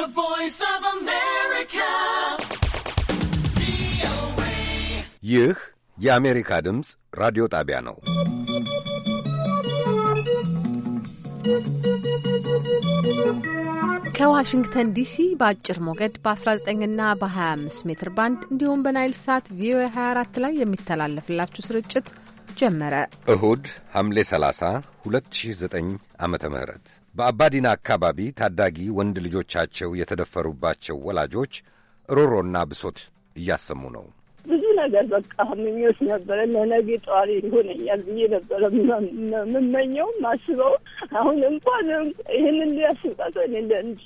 The Voice of America. ይህ የአሜሪካ ድምፅ ራዲዮ ጣቢያ ነው። ከዋሽንግተን ዲሲ በአጭር ሞገድ በ19 ና በ25 ሜትር ባንድ እንዲሁም በናይል ሳት ቪኦኤ 24 ላይ የሚተላለፍላችሁ ስርጭት ጀመረ። እሁድ ሐምሌ 30 2009 ዓ ም በአባዲና አካባቢ ታዳጊ ወንድ ልጆቻቸው የተደፈሩባቸው ወላጆች ሮሮና ብሶት እያሰሙ ነው። ነገር በቃ ምኞት ነበረ። ለነገ ጠዋሪ ይሆነኛል ብዬ ነበረ ምመኘው ማስበው። አሁን እንኳን ይህንን ሊያስባቶ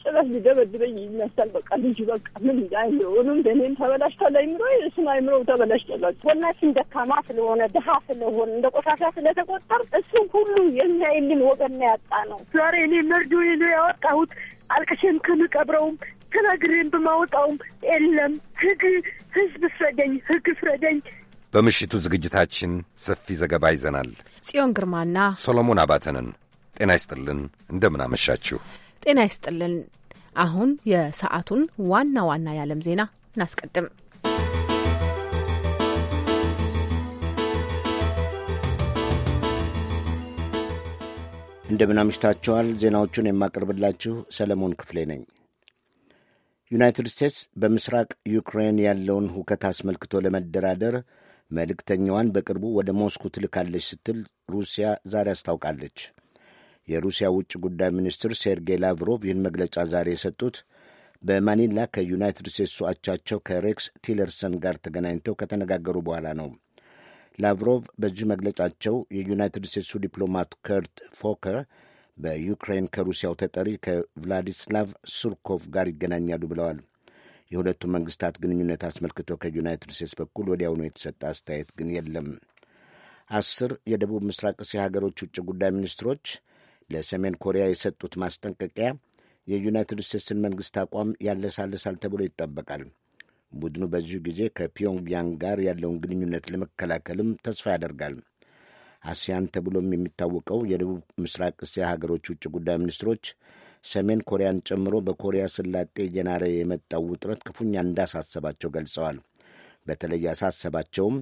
ጭራሽ ሊደበድበኝ ይነሳል። በቃ ልጅ በቃ ምን አይምሮንም እኔም ተበላሽቷል። አይምሮ እሱም አይምሮ ተበላሽቷል። ጎናችን ደካማ ስለሆነ ድሀ ስለሆነ እንደ ቆሻሻ ስለተቆጠር እሱም ሁሉ የሚያይልን ወገና ያጣ ነው። ዛሬ እኔ መርዶ ነው ያወጣሁት አልቅሼም ከምቀብረውም ተናግሬን በማወጣውም የለም ህግ ህዝብ ፍረደኝ፣ ህግ ፍረደኝ። በምሽቱ ዝግጅታችን ሰፊ ዘገባ ይዘናል። ጽዮን ግርማና ሶሎሞን አባተንን ጤና ይስጥልን። እንደምናመሻችሁ ጤና ይስጥልን። አሁን የሰዓቱን ዋና ዋና የዓለም ዜና እናስቀድም። እንደምናምሽታችኋል። ዜናዎቹን የማቀርብላችሁ ሰለሞን ክፍሌ ነኝ። ዩናይትድ ስቴትስ በምስራቅ ዩክሬን ያለውን ሁከት አስመልክቶ ለመደራደር መልእክተኛዋን በቅርቡ ወደ ሞስኩ ትልካለች ስትል ሩሲያ ዛሬ አስታውቃለች። የሩሲያ ውጭ ጉዳይ ሚኒስትር ሴርጌይ ላቭሮቭ ይህን መግለጫ ዛሬ የሰጡት በማኒላ ከዩናይትድ ስቴትሱ አቻቸው ከሬክስ ቲለርሰን ጋር ተገናኝተው ከተነጋገሩ በኋላ ነው። ላቭሮቭ በዚህ መግለጫቸው የዩናይትድ ስቴትሱ ዲፕሎማት ከርት ፎከር በዩክሬን ከሩሲያው ተጠሪ ከቭላዲስላቭ ሱርኮቭ ጋር ይገናኛሉ ብለዋል። የሁለቱም መንግስታት ግንኙነት አስመልክቶ ከዩናይትድ ስቴትስ በኩል ወዲያውኑ የተሰጠ አስተያየት ግን የለም። አስር የደቡብ ምስራቅ እስያ ሀገሮች ውጭ ጉዳይ ሚኒስትሮች ለሰሜን ኮሪያ የሰጡት ማስጠንቀቂያ የዩናይትድ ስቴትስን መንግስት አቋም ያለሳልሳል ተብሎ ይጠበቃል። ቡድኑ በዚሁ ጊዜ ከፒዮንግያንግ ጋር ያለውን ግንኙነት ለመከላከልም ተስፋ ያደርጋል። አሲያን ተብሎም የሚታወቀው የደቡብ ምስራቅ እስያ ሀገሮች ውጭ ጉዳይ ሚኒስትሮች ሰሜን ኮሪያን ጨምሮ በኮሪያ ስላጤ እየናረ የመጣው ውጥረት ክፉኛ እንዳሳሰባቸው ገልጸዋል። በተለይ ያሳሰባቸውም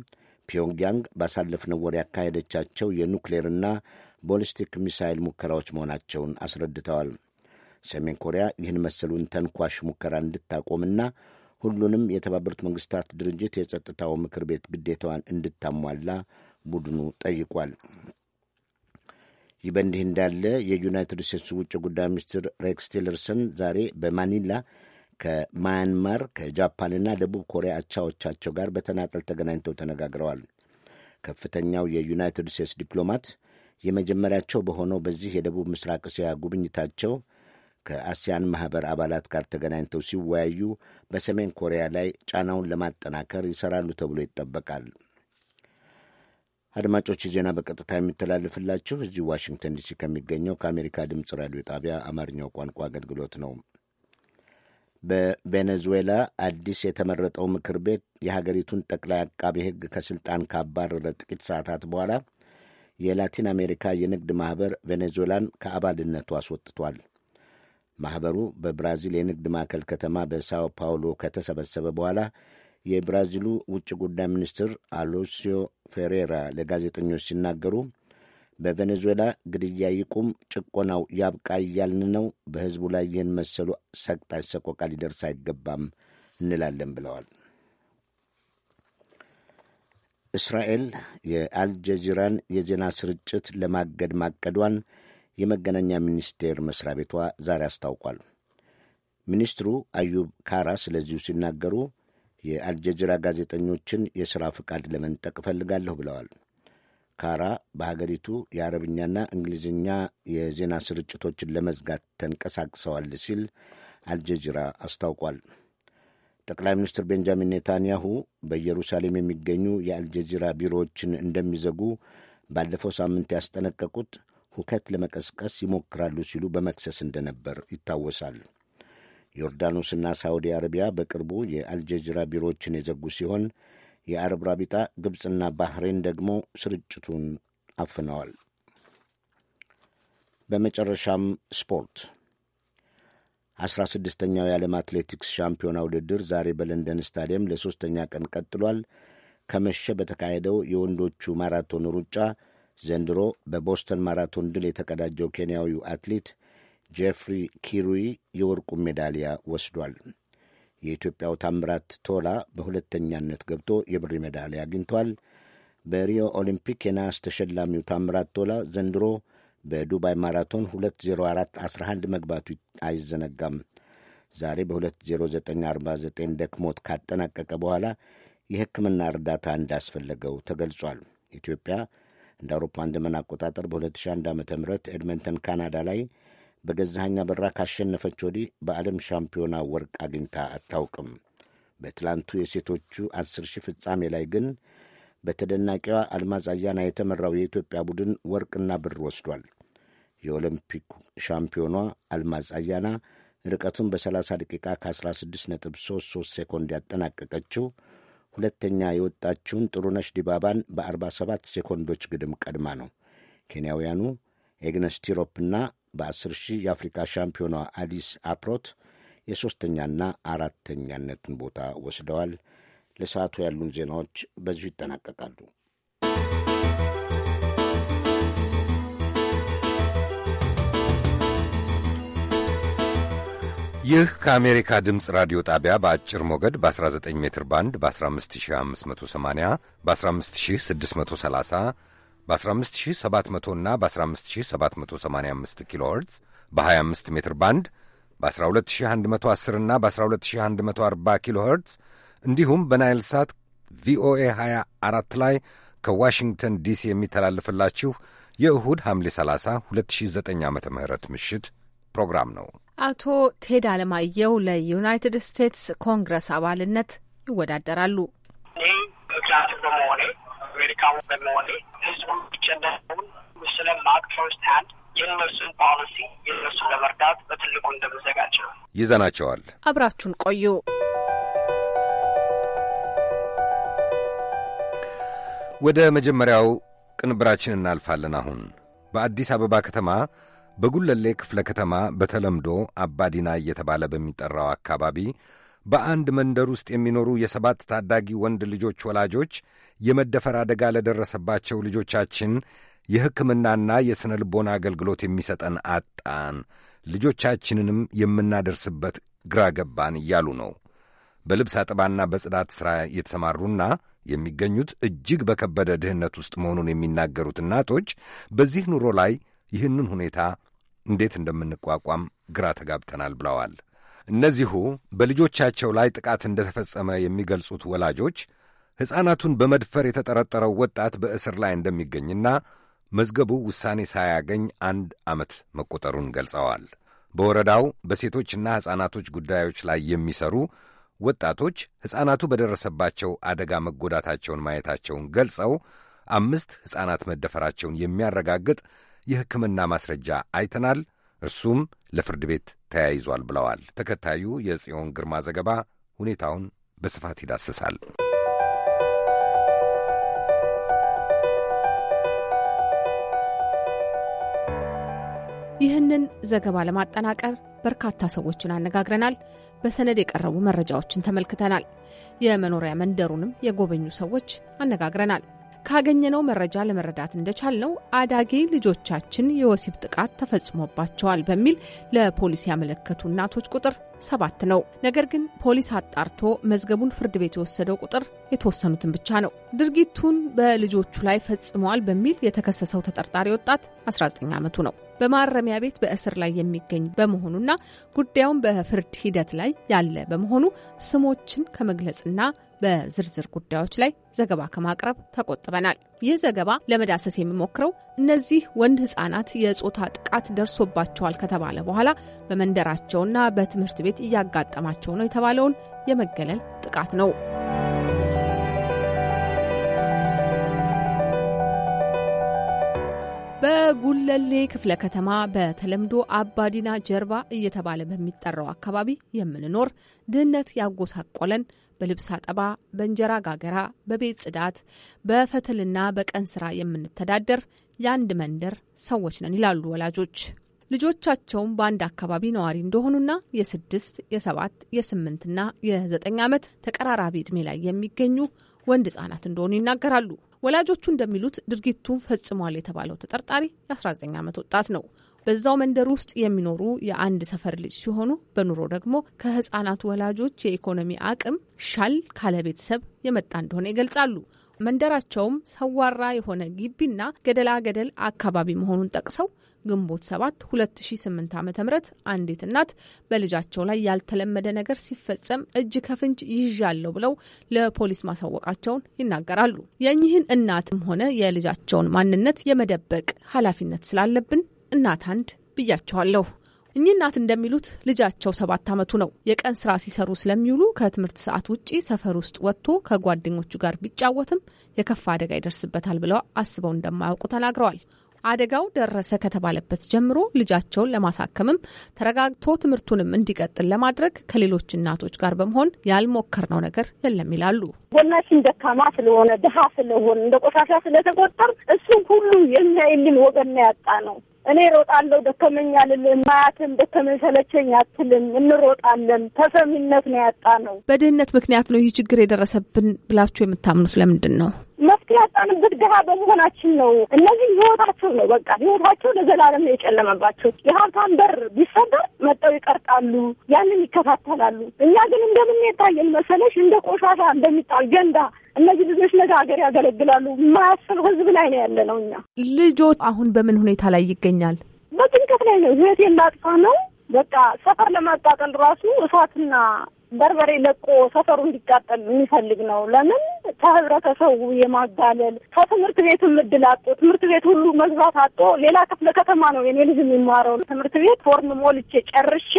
ፒዮንግያንግ ባሳለፍነው ወር ያካሄደቻቸው የኑክሌርና ቦሊስቲክ ሚሳይል ሙከራዎች መሆናቸውን አስረድተዋል። ሰሜን ኮሪያ ይህን መሰሉን ተንኳሽ ሙከራ እንድታቆምና ሁሉንም የተባበሩት መንግስታት ድርጅት የጸጥታው ምክር ቤት ግዴታዋን እንድታሟላ ቡድኑ ጠይቋል። ይህ በእንዲህ እንዳለ የዩናይትድ ስቴትስ ውጭ ጉዳይ ሚኒስትር ሬክስ ቲለርሰን ዛሬ በማኒላ ከማያንማር ከጃፓንና ደቡብ ኮሪያ አቻዎቻቸው ጋር በተናጠል ተገናኝተው ተነጋግረዋል። ከፍተኛው የዩናይትድ ስቴትስ ዲፕሎማት የመጀመሪያቸው በሆነው በዚህ የደቡብ ምስራቅ እስያ ጉብኝታቸው ከአሲያን ማህበር አባላት ጋር ተገናኝተው ሲወያዩ በሰሜን ኮሪያ ላይ ጫናውን ለማጠናከር ይሰራሉ ተብሎ ይጠበቃል። አድማጮች ዜና በቀጥታ የሚተላለፍላችሁ እዚህ ዋሽንግተን ዲሲ ከሚገኘው ከአሜሪካ ድምፅ ራዲዮ ጣቢያ አማርኛው ቋንቋ አገልግሎት ነው። በቬኔዙዌላ አዲስ የተመረጠው ምክር ቤት የሀገሪቱን ጠቅላይ አቃቢ ሕግ ከስልጣን ካባረረ ጥቂት ሰዓታት በኋላ የላቲን አሜሪካ የንግድ ማኅበር ቬኔዙዌላን ከአባልነቱ አስወጥቷል። ማኅበሩ በብራዚል የንግድ ማዕከል ከተማ በሳው ፓውሎ ከተሰበሰበ በኋላ የብራዚሉ ውጭ ጉዳይ ሚኒስትር አሎሲዮ ፌሬራ ለጋዜጠኞች ሲናገሩ በቬኔዙዌላ ግድያ ይቁም፣ ጭቆናው ያብቃ እያልን ነው። በሕዝቡ ላይ ይህን መሰሉ ሰቅጣጭ ሰቆቃ ሊደርስ አይገባም እንላለን ብለዋል። እስራኤል የአልጀዚራን የዜና ስርጭት ለማገድ ማቀዷን የመገናኛ ሚኒስቴር መስሪያ ቤቷ ዛሬ አስታውቋል። ሚኒስትሩ አዩብ ካራ ስለዚሁ ሲናገሩ የአልጀዚራ ጋዜጠኞችን የሥራ ፍቃድ ለመንጠቅ እፈልጋለሁ ብለዋል። ካራ በሀገሪቱ የአረብኛና እንግሊዝኛ የዜና ስርጭቶችን ለመዝጋት ተንቀሳቅሰዋል ሲል አልጀዚራ አስታውቋል። ጠቅላይ ሚኒስትር ቤንጃሚን ኔታንያሁ በኢየሩሳሌም የሚገኙ የአልጀዚራ ቢሮዎችን እንደሚዘጉ ባለፈው ሳምንት ያስጠነቀቁት ሁከት ለመቀስቀስ ይሞክራሉ ሲሉ በመክሰስ እንደነበር ይታወሳል። ዮርዳኖስና ሳዑዲ አረቢያ በቅርቡ የአልጀዚራ ቢሮዎችን የዘጉ ሲሆን የአረብ ራቢጣ ግብፅና ባህሬን ደግሞ ስርጭቱን አፍነዋል። በመጨረሻም ስፖርት አስራ ስድስተኛው የዓለም አትሌቲክስ ሻምፒዮና ውድድር ዛሬ በለንደን ስታዲየም ለሦስተኛ ቀን ቀጥሏል። ከመሸ በተካሄደው የወንዶቹ ማራቶን ሩጫ ዘንድሮ በቦስተን ማራቶን ድል የተቀዳጀው ኬንያዊው አትሌት ጄፍሪ ኪሩይ የወርቁ ሜዳሊያ ወስዷል። የኢትዮጵያው ታምራት ቶላ በሁለተኛነት ገብቶ የብር ሜዳሊያ አግኝቷል። በሪዮ ኦሊምፒክ የነሐስ ተሸላሚው ታምራት ቶላ ዘንድሮ በዱባይ ማራቶን 20411 መግባቱ አይዘነጋም። ዛሬ በ20949 ደክሞት ካጠናቀቀ በኋላ የሕክምና እርዳታ እንዳስፈለገው ተገልጿል። ኢትዮጵያ እንደ አውሮፓ ዘመን አቆጣጠር በ2001 ዓ ም ኤድመንተን ካናዳ ላይ በገዛኸኝ በራ ካሸነፈች ወዲህ በዓለም ሻምፒዮና ወርቅ አግኝታ አታውቅም። በትላንቱ የሴቶቹ አስር ሺህ ፍጻሜ ላይ ግን በተደናቂዋ አልማዝ አያና የተመራው የኢትዮጵያ ቡድን ወርቅና ብር ወስዷል። የኦሎምፒክ ሻምፒዮኗ አልማዝ አያና ርቀቱን በ30 ደቂቃ ከ16.33 ሴኮንድ ያጠናቀቀችው ሁለተኛ የወጣችውን ጥሩነሽ ዲባባን በ47 ሴኮንዶች ግድም ቀድማ ነው። ኬንያውያኑ ኤግነስ ቲሮፕና በ10 ሺህ የአፍሪካ ሻምፒዮኗ አዲስ አፕሮት የሦስተኛና አራተኛነትን ቦታ ወስደዋል። ለሰዓቱ ያሉን ዜናዎች በዚሁ ይጠናቀቃሉ። ይህ ከአሜሪካ ድምፅ ራዲዮ ጣቢያ በአጭር ሞገድ በ19 ሜትር ባንድ በ15580 በ15630 በ15700 እና በ15785 ኪሎ ኸርትዝ በ25 ሜትር ባንድ በ12110 እና በ12140 ኪሎ ኸርትዝ እንዲሁም በናይል ሳት ቪኦኤ 24 ላይ ከዋሽንግተን ዲሲ የሚተላልፍላችሁ የእሁድ ሐምሌ 30 2009 ዓ ም ምሽት ፕሮግራም ነው። አቶ ቴድ አለማየሁ ለዩናይትድ ስቴትስ ኮንግረስ አባልነት ይወዳደራሉ። እኔ በመሆኔ አሜሪካ በመሆኔ ያለውን ሙስሊም ማቅ ፈርስት ሃንድ የእነርሱን ፖሊሲ የእነርሱን ለመርዳት በትልቁ እንደምዘጋጅ ነው። ይዘናቸዋል። አብራችሁን ቆዩ። ወደ መጀመሪያው ቅንብራችን እናልፋለን። አሁን በአዲስ አበባ ከተማ በጉለሌ ክፍለ ከተማ በተለምዶ አባዲና እየተባለ በሚጠራው አካባቢ በአንድ መንደር ውስጥ የሚኖሩ የሰባት ታዳጊ ወንድ ልጆች ወላጆች የመደፈር አደጋ ለደረሰባቸው ልጆቻችን የሕክምናና የሥነ ልቦና አገልግሎት የሚሰጠን አጣን፣ ልጆቻችንንም የምናደርስበት ግራ ገባን እያሉ ነው። በልብስ አጥባና በጽዳት ሥራ የተሰማሩና የሚገኙት እጅግ በከበደ ድህነት ውስጥ መሆኑን የሚናገሩት እናቶች በዚህ ኑሮ ላይ ይህንን ሁኔታ እንዴት እንደምንቋቋም ግራ ተጋብተናል ብለዋል። እነዚሁ በልጆቻቸው ላይ ጥቃት ተፈጸመ የሚገልጹት ወላጆች ሕፃናቱን በመድፈር የተጠረጠረው ወጣት በእስር ላይ እንደሚገኝና መዝገቡ ውሳኔ ሳያገኝ አንድ ዓመት መቆጠሩን ገልጸዋል። በወረዳው በሴቶችና ሕፃናቶች ጉዳዮች ላይ የሚሰሩ ወጣቶች ሕፃናቱ በደረሰባቸው አደጋ መጎዳታቸውን ማየታቸውን ገልጸው አምስት ሕፃናት መደፈራቸውን የሚያረጋግጥ የሕክምና ማስረጃ አይተናል፣ እርሱም ለፍርድ ቤት ተያይዟል ብለዋል። ተከታዩ የጽዮን ግርማ ዘገባ ሁኔታውን በስፋት ይዳስሳል። ይህንን ዘገባ ለማጠናቀር በርካታ ሰዎችን አነጋግረናል። በሰነድ የቀረቡ መረጃዎችን ተመልክተናል። የመኖሪያ መንደሩንም የጎበኙ ሰዎች አነጋግረናል። ካገኘነው መረጃ ለመረዳት እንደቻልነው አዳጊ ልጆቻችን የወሲብ ጥቃት ተፈጽሞባቸዋል በሚል ለፖሊስ ያመለከቱ እናቶች ቁጥር ሰባት ነው። ነገር ግን ፖሊስ አጣርቶ መዝገቡን ፍርድ ቤት የወሰደው ቁጥር የተወሰኑትን ብቻ ነው። ድርጊቱን በልጆቹ ላይ ፈጽመዋል በሚል የተከሰሰው ተጠርጣሪ ወጣት 19 ዓመቱ ነው። በማረሚያ ቤት በእስር ላይ የሚገኝ በመሆኑና ጉዳዩን በፍርድ ሂደት ላይ ያለ በመሆኑ ስሞችን ከመግለጽና በዝርዝር ጉዳዮች ላይ ዘገባ ከማቅረብ ተቆጥበናል። ይህ ዘገባ ለመዳሰስ የሚሞክረው እነዚህ ወንድ ህጻናት የጾታ ጥቃት ደርሶባቸዋል ከተባለ በኋላ በመንደራቸውና በትምህርት ቤት እያጋጠማቸው ነው የተባለውን የመገለል ጥቃት ነው። በጉለሌ ክፍለ ከተማ በተለምዶ አባዲና ጀርባ እየተባለ በሚጠራው አካባቢ የምንኖር ድህነት ያጎሳቆለን በልብስ አጠባ፣ በእንጀራ ጋገራ፣ በቤት ጽዳት፣ በፈትልና በቀን ስራ የምንተዳደር የአንድ መንደር ሰዎች ነን ይላሉ ወላጆች። ልጆቻቸውም በአንድ አካባቢ ነዋሪ እንደሆኑና የስድስት የሰባት የስምንትና የዘጠኝ ዓመት ተቀራራቢ ዕድሜ ላይ የሚገኙ ወንድ ህጻናት እንደሆኑ ይናገራሉ። ወላጆቹ እንደሚሉት ድርጊቱ ፈጽሟል የተባለው ተጠርጣሪ የ19 ዓመት ወጣት ነው። በዛው መንደር ውስጥ የሚኖሩ የአንድ ሰፈር ልጅ ሲሆኑ በኑሮ ደግሞ ከህጻናት ወላጆች የኢኮኖሚ አቅም ሻል ካለ ቤተሰብ የመጣ እንደሆነ ይገልጻሉ። መንደራቸውም ሰዋራ የሆነ ግቢና ገደላ ገደል አካባቢ መሆኑን ጠቅሰው ግንቦት 7 2008 ዓ ም አንዲት እናት በልጃቸው ላይ ያልተለመደ ነገር ሲፈጸም እጅ ከፍንጅ ይዣለሁ ብለው ለፖሊስ ማሳወቃቸውን ይናገራሉ። የእኚህን እናትም ሆነ የልጃቸውን ማንነት የመደበቅ ኃላፊነት ስላለብን እናት አንድ ብያቸዋለሁ። እኚህ እናት እንደሚሉት ልጃቸው ሰባት ዓመቱ ነው። የቀን ስራ ሲሰሩ ስለሚውሉ ከትምህርት ሰዓት ውጪ ሰፈር ውስጥ ወጥቶ ከጓደኞቹ ጋር ቢጫወትም የከፋ አደጋ ይደርስበታል ብለው አስበው እንደማያውቁ ተናግረዋል። አደጋው ደረሰ ከተባለበት ጀምሮ ልጃቸውን ለማሳከምም ተረጋግቶ ትምህርቱንም እንዲቀጥል ለማድረግ ከሌሎች እናቶች ጋር በመሆን ያልሞከርነው ነገር የለም ይላሉ። ጎናችን ደካማ ስለሆነ ድሀ ስለሆነ እንደ ቆሻሻ ስለተቆጠር እሱም ሁሉ የሚያይልን ወገን ያጣ ነው። እኔ ሮጣለሁ ደከመኝ አልልም። ማያትም ደከመኝ ሰለቸኝ አትልም። እንሮጣለን። ተሰሚነት ነው ያጣ ነው። በድህነት ምክንያት ነው ይህ ችግር የደረሰብን ብላችሁ የምታምኑት ለምንድን ነው? መፍትሄ ያጣንበት ድሀ በመሆናችን ነው። እነዚህ ህይወታቸው ነው። በቃ ህይወታቸው ለዘላለም ነው የጨለመባቸው። የሀብታም በር ቢሰበር መጠው ይቀርጣሉ፣ ያንን ይከታተላሉ። እኛ ግን የታየን መሰለሽ እንደ ቆሻሻ እንደሚጣል ገንዳ እነዚህ ልጆች ነገ ሀገር ያገለግላሉ። የማያስብ ህዝብ ላይ ነው ያለ ነው። እኛ ልጆች አሁን በምን ሁኔታ ላይ ይገኛል? በጭንቀት ላይ ነው። ህይወቴን ላጥፋ ነው በቃ ሰፈር ለማጣጠል ራሱ እሳትና በርበሬ ለቆ ሰፈሩ እንዲቃጠል የሚፈልግ ነው። ለምን ከህብረተሰቡ የማጋለል ከትምህርት ቤትም እድል አጦ ትምህርት ቤት ሁሉ መግባት አጦ ሌላ ክፍለ ከተማ ነው የኔ ልጅ የሚማረው ትምህርት ቤት ፎርም ሞልቼ ጨርሼ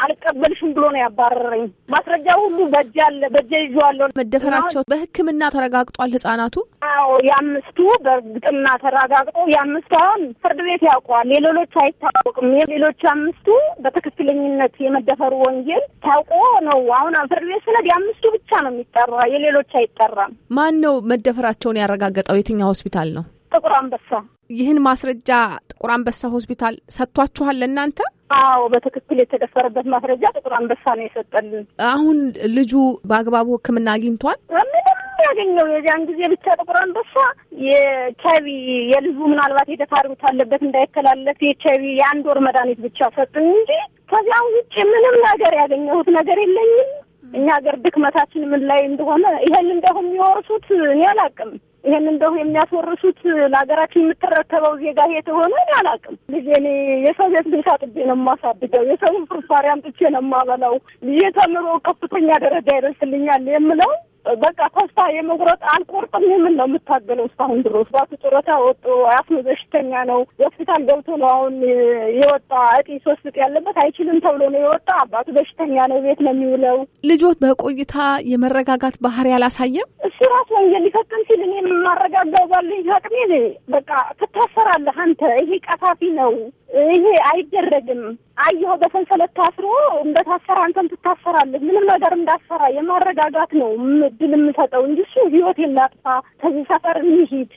አልቀበልሽም ብሎ ነው ያባረረኝ። ማስረጃ ሁሉ በእጄ አለ፣ በእጄ ይዤዋለሁ። መደፈራቸው በሕክምና ተረጋግጧል ህጻናቱ። አዎ የአምስቱ በእርግጥና ተረጋግጦ የአምስቱ አሁን ፍርድ ቤት ያውቀዋል፣ የሌሎቹ አይታወቅም። የሌሎች አምስቱ በትክክለኝነት የመደፈሩ ወንጀል ታውቆ ነው አሁን ፍርድ ቤት ስነድ የአምስቱ ብቻ ነው የሚጠራ፣ የሌሎች አይጠራም። ማን ነው መደፈራቸውን ያረጋገጠው? የትኛው ሆስፒታል ነው? ጥቁር አንበሳ። ይህን ማስረጃ ጥቁር አንበሳ ሆስፒታል ሰጥቷችኋል ለእናንተ? አዎ፣ በትክክል የተደፈረበት ማስረጃ ጥቁር አንበሳ ነው የሰጠልን። አሁን ልጁ በአግባቡ ሕክምና አግኝቷል። ምንም ያገኘው የዚያን ጊዜ ብቻ ጥቁር አንበሳ የኤች የልጁ ምናልባት የተፋርጉት አለበት እንዳይተላለፍ የኤች የአንድ ወር መድኃኒት ብቻ ሰጡኝ እንጂ ከዚያም ውጭ ምንም ነገር ያገኘሁት ነገር የለኝም። እኛ ሀገር ድክመታችን ምን ላይ እንደሆነ ይሄን እንደሁ የሚወርሱት እኔ አላውቅም። ይሄን እንደሁ የሚያስወርሱት ለሀገራችን የምትረከበው ዜጋ ይሄ ተሆነ እኔ አላውቅም። ልጄን የሰው ቤት ቤት አጥቤ ነው የማሳድገው፣ የሰውን ፍርፋሪ አምጥቼ ነው የማበላው። ልጄ ተምሮ ከፍተኛ ደረጃ ይደርስልኛል የምለው በቃ ተስፋ የመቁረጥ አልቆርጥም። የምን ነው የምታገለው እስካሁን ድሮስ ባቱ ጡረታ ወጡ። አስም በሽተኛ ነው። ሆስፒታል ገብቶ ነው አሁን የወጣ። እጢ ሶስት እጢ ያለበት አይችልም ተብሎ ነው የወጣ። አባቱ በሽተኛ ነው፣ ቤት ነው የሚውለው። ልጆት በቆይታ የመረጋጋት ባህሪ አላሳየም። እሱ ራሱ ወንጀል ሊፈጥም ሲል እኔ የማረጋጋው ባለኝ አቅሜ በቃ ትታሰራለህ አንተ ይሄ ቀፋፊ ነው ይሄ አይደረግም። አየሁ በሰንሰለት ታስሮ እንደታሰራ አንተም ትታሰራለህ። ምንም ነገር እንዳሰራ የማረጋጋት ነው እድል የምሰጠው እንጂ እሱ ህይወት የላጥፋ ከዚህ ሰፈር እንሂድ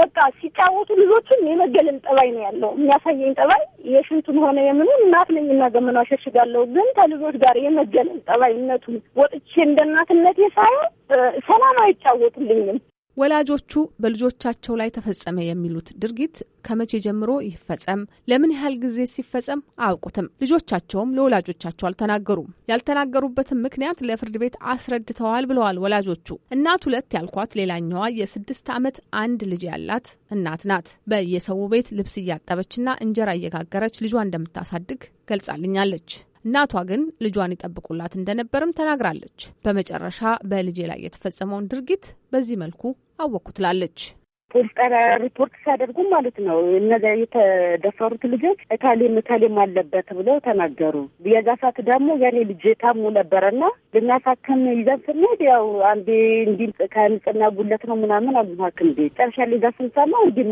በቃ ሲጫወቱ ልጆቹን የመገለል ጠባይ ነው ያለው የሚያሳየኝ ጠባይ የሽንቱን ሆነ የምኑ እናት እና ገመና ሸሽጋለሁ። ግን ከልጆች ጋር የመገለል ጠባይነቱን ወጥቼ እንደ እናትነቴ ሳይሆን ሰላም አይጫወቱልኝም። ወላጆቹ በልጆቻቸው ላይ ተፈጸመ የሚሉት ድርጊት ከመቼ ጀምሮ ይፈጸም፣ ለምን ያህል ጊዜ ሲፈጸም አያውቁትም። ልጆቻቸውም ለወላጆቻቸው አልተናገሩም። ያልተናገሩበትም ምክንያት ለፍርድ ቤት አስረድተዋል ብለዋል ወላጆቹ። እናት ሁለት ያልኳት ሌላኛዋ የስድስት ዓመት አንድ ልጅ ያላት እናት ናት። በየሰው ቤት ልብስ እያጠበችና እንጀራ እየጋገረች ልጇ እንደምታሳድግ ገልጻልኛለች። እናቷ ግን ልጇን ይጠብቁላት እንደነበርም ተናግራለች። በመጨረሻ በልጄ ላይ የተፈጸመውን ድርጊት በዚህ መልኩ አወቅኩ ትላለች። ቁጠራ ሪፖርት ሲያደርጉ ማለት ነው። እነዚ የተደፈሩት ልጆች እታሌም እታሌም አለበት ብለው ተናገሩ። የዛ ሰዓት ደግሞ የኔ ልጅ ታሙ ነበረና ልናሳክም ይዘን ስንሄድ ያው አንዴ እንዲህ ከንጽና ጉለት ነው ምናምን አሉ ሐኪም ቤት ጨርሻ ሊዛ ስንሰማ እንዲህ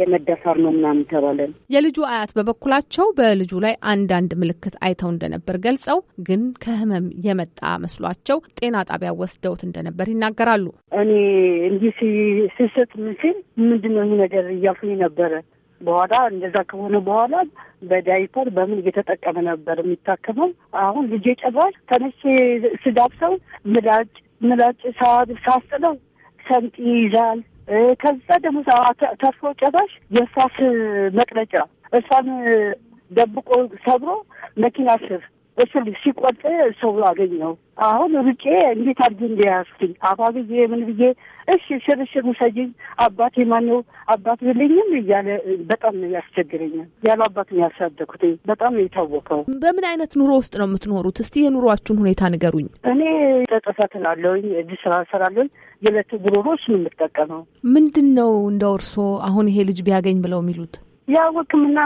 የመደፈር ነው ምናምን ተባለን። የልጁ አያት በበኩላቸው በልጁ ላይ አንዳንድ ምልክት አይተው እንደነበር ገልጸው ግን ከህመም የመጣ መስሏቸው ጤና ጣቢያ ወስደውት እንደነበር ይናገራሉ። እኔ እንዲህ ስስት ስል ምንድን ነው ይህ ነገር እያልኩኝ ነበረ። በኋላ እንደዛ ከሆነ በኋላ በዳይፐር በምን እየተጠቀመ ነበር የሚታከመው። አሁን ልጄ ጨባል ተነስ ስዳብሰው ምላጭ ምላጭ ሳስጥለው ሰምጥ ይይዛል። ከዛ ደግሞ ተርፎ ጨባሽ የእርሳስ መቅረጫ እሷን ደብቆ ሰብሮ መኪና ስር በስል ሲቆጥ ሰው አገኘው። አሁን ሩጬ እንዴት አድርጌ እንዲያስኝ አባ ጊዜ ምን ብዬ እሺ ሽርሽር ውሰጂኝ አባቴ ማነው አባት ብልኝም እያለ በጣም ነው ያስቸግረኛል። ያለ አባት ነው ያሳደኩት። በጣም ነው የታወቀው። በምን አይነት ኑሮ ውስጥ ነው የምትኖሩት? እስቲ የኑሯችሁን ሁኔታ ንገሩኝ። እኔ ጠጠፋት ላለሁኝ እጅ ስራ ስራለሁኝ የለት ጉሮሮች ነው የምጠቀመው። ምንድን ነው እንደው እርሶ አሁን ይሄ ልጅ ቢያገኝ ብለው የሚሉት? ያው ሕክምና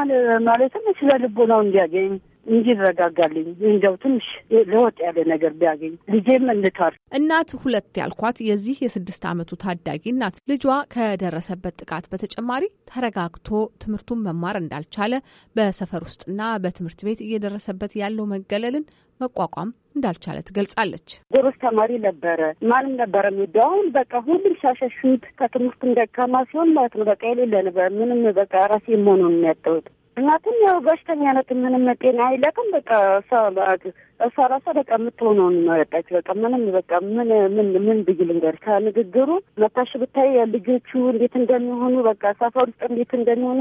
ማለትም ስለ ልቦናው እንዲያገኝ እንዲረጋጋልኝ እንደው ትንሽ ለወጥ ያለ ነገር ቢያገኝ ልጄም እንታር እናት ሁለት ያልኳት የዚህ የስድስት ዓመቱ ታዳጊ እናት ልጇ ከደረሰበት ጥቃት በተጨማሪ ተረጋግቶ ትምህርቱን መማር እንዳልቻለ በሰፈር ውስጥና በትምህርት ቤት እየደረሰበት ያለው መገለልን መቋቋም እንዳልቻለ ትገልጻለች። ጎበዝ ተማሪ ነበረ። ማንም ነበረ ሚወደ አሁን በቃ ሁሉም ሻሸሹት ከትምህርት ደካማ ሲሆን ማለት ነው። በቃ የሌለ ነበር ምንም በቃ ራሴ መሆኑን የሚያጠውት እናትም ያው በሽተኛነት ምንም ጤና አይለቅም። በቃ እሷ ራሷ በቃ የምትሆነው ነው በቃ ምንም በቃ ምን ምን ምን ብይ ልንገር ከንግግሩ መታሽ ብታይ ልጆቹ እንዴት እንደሚሆኑ በቃ ሰፈር ውስጥ እንዴት እንደሚሆኑ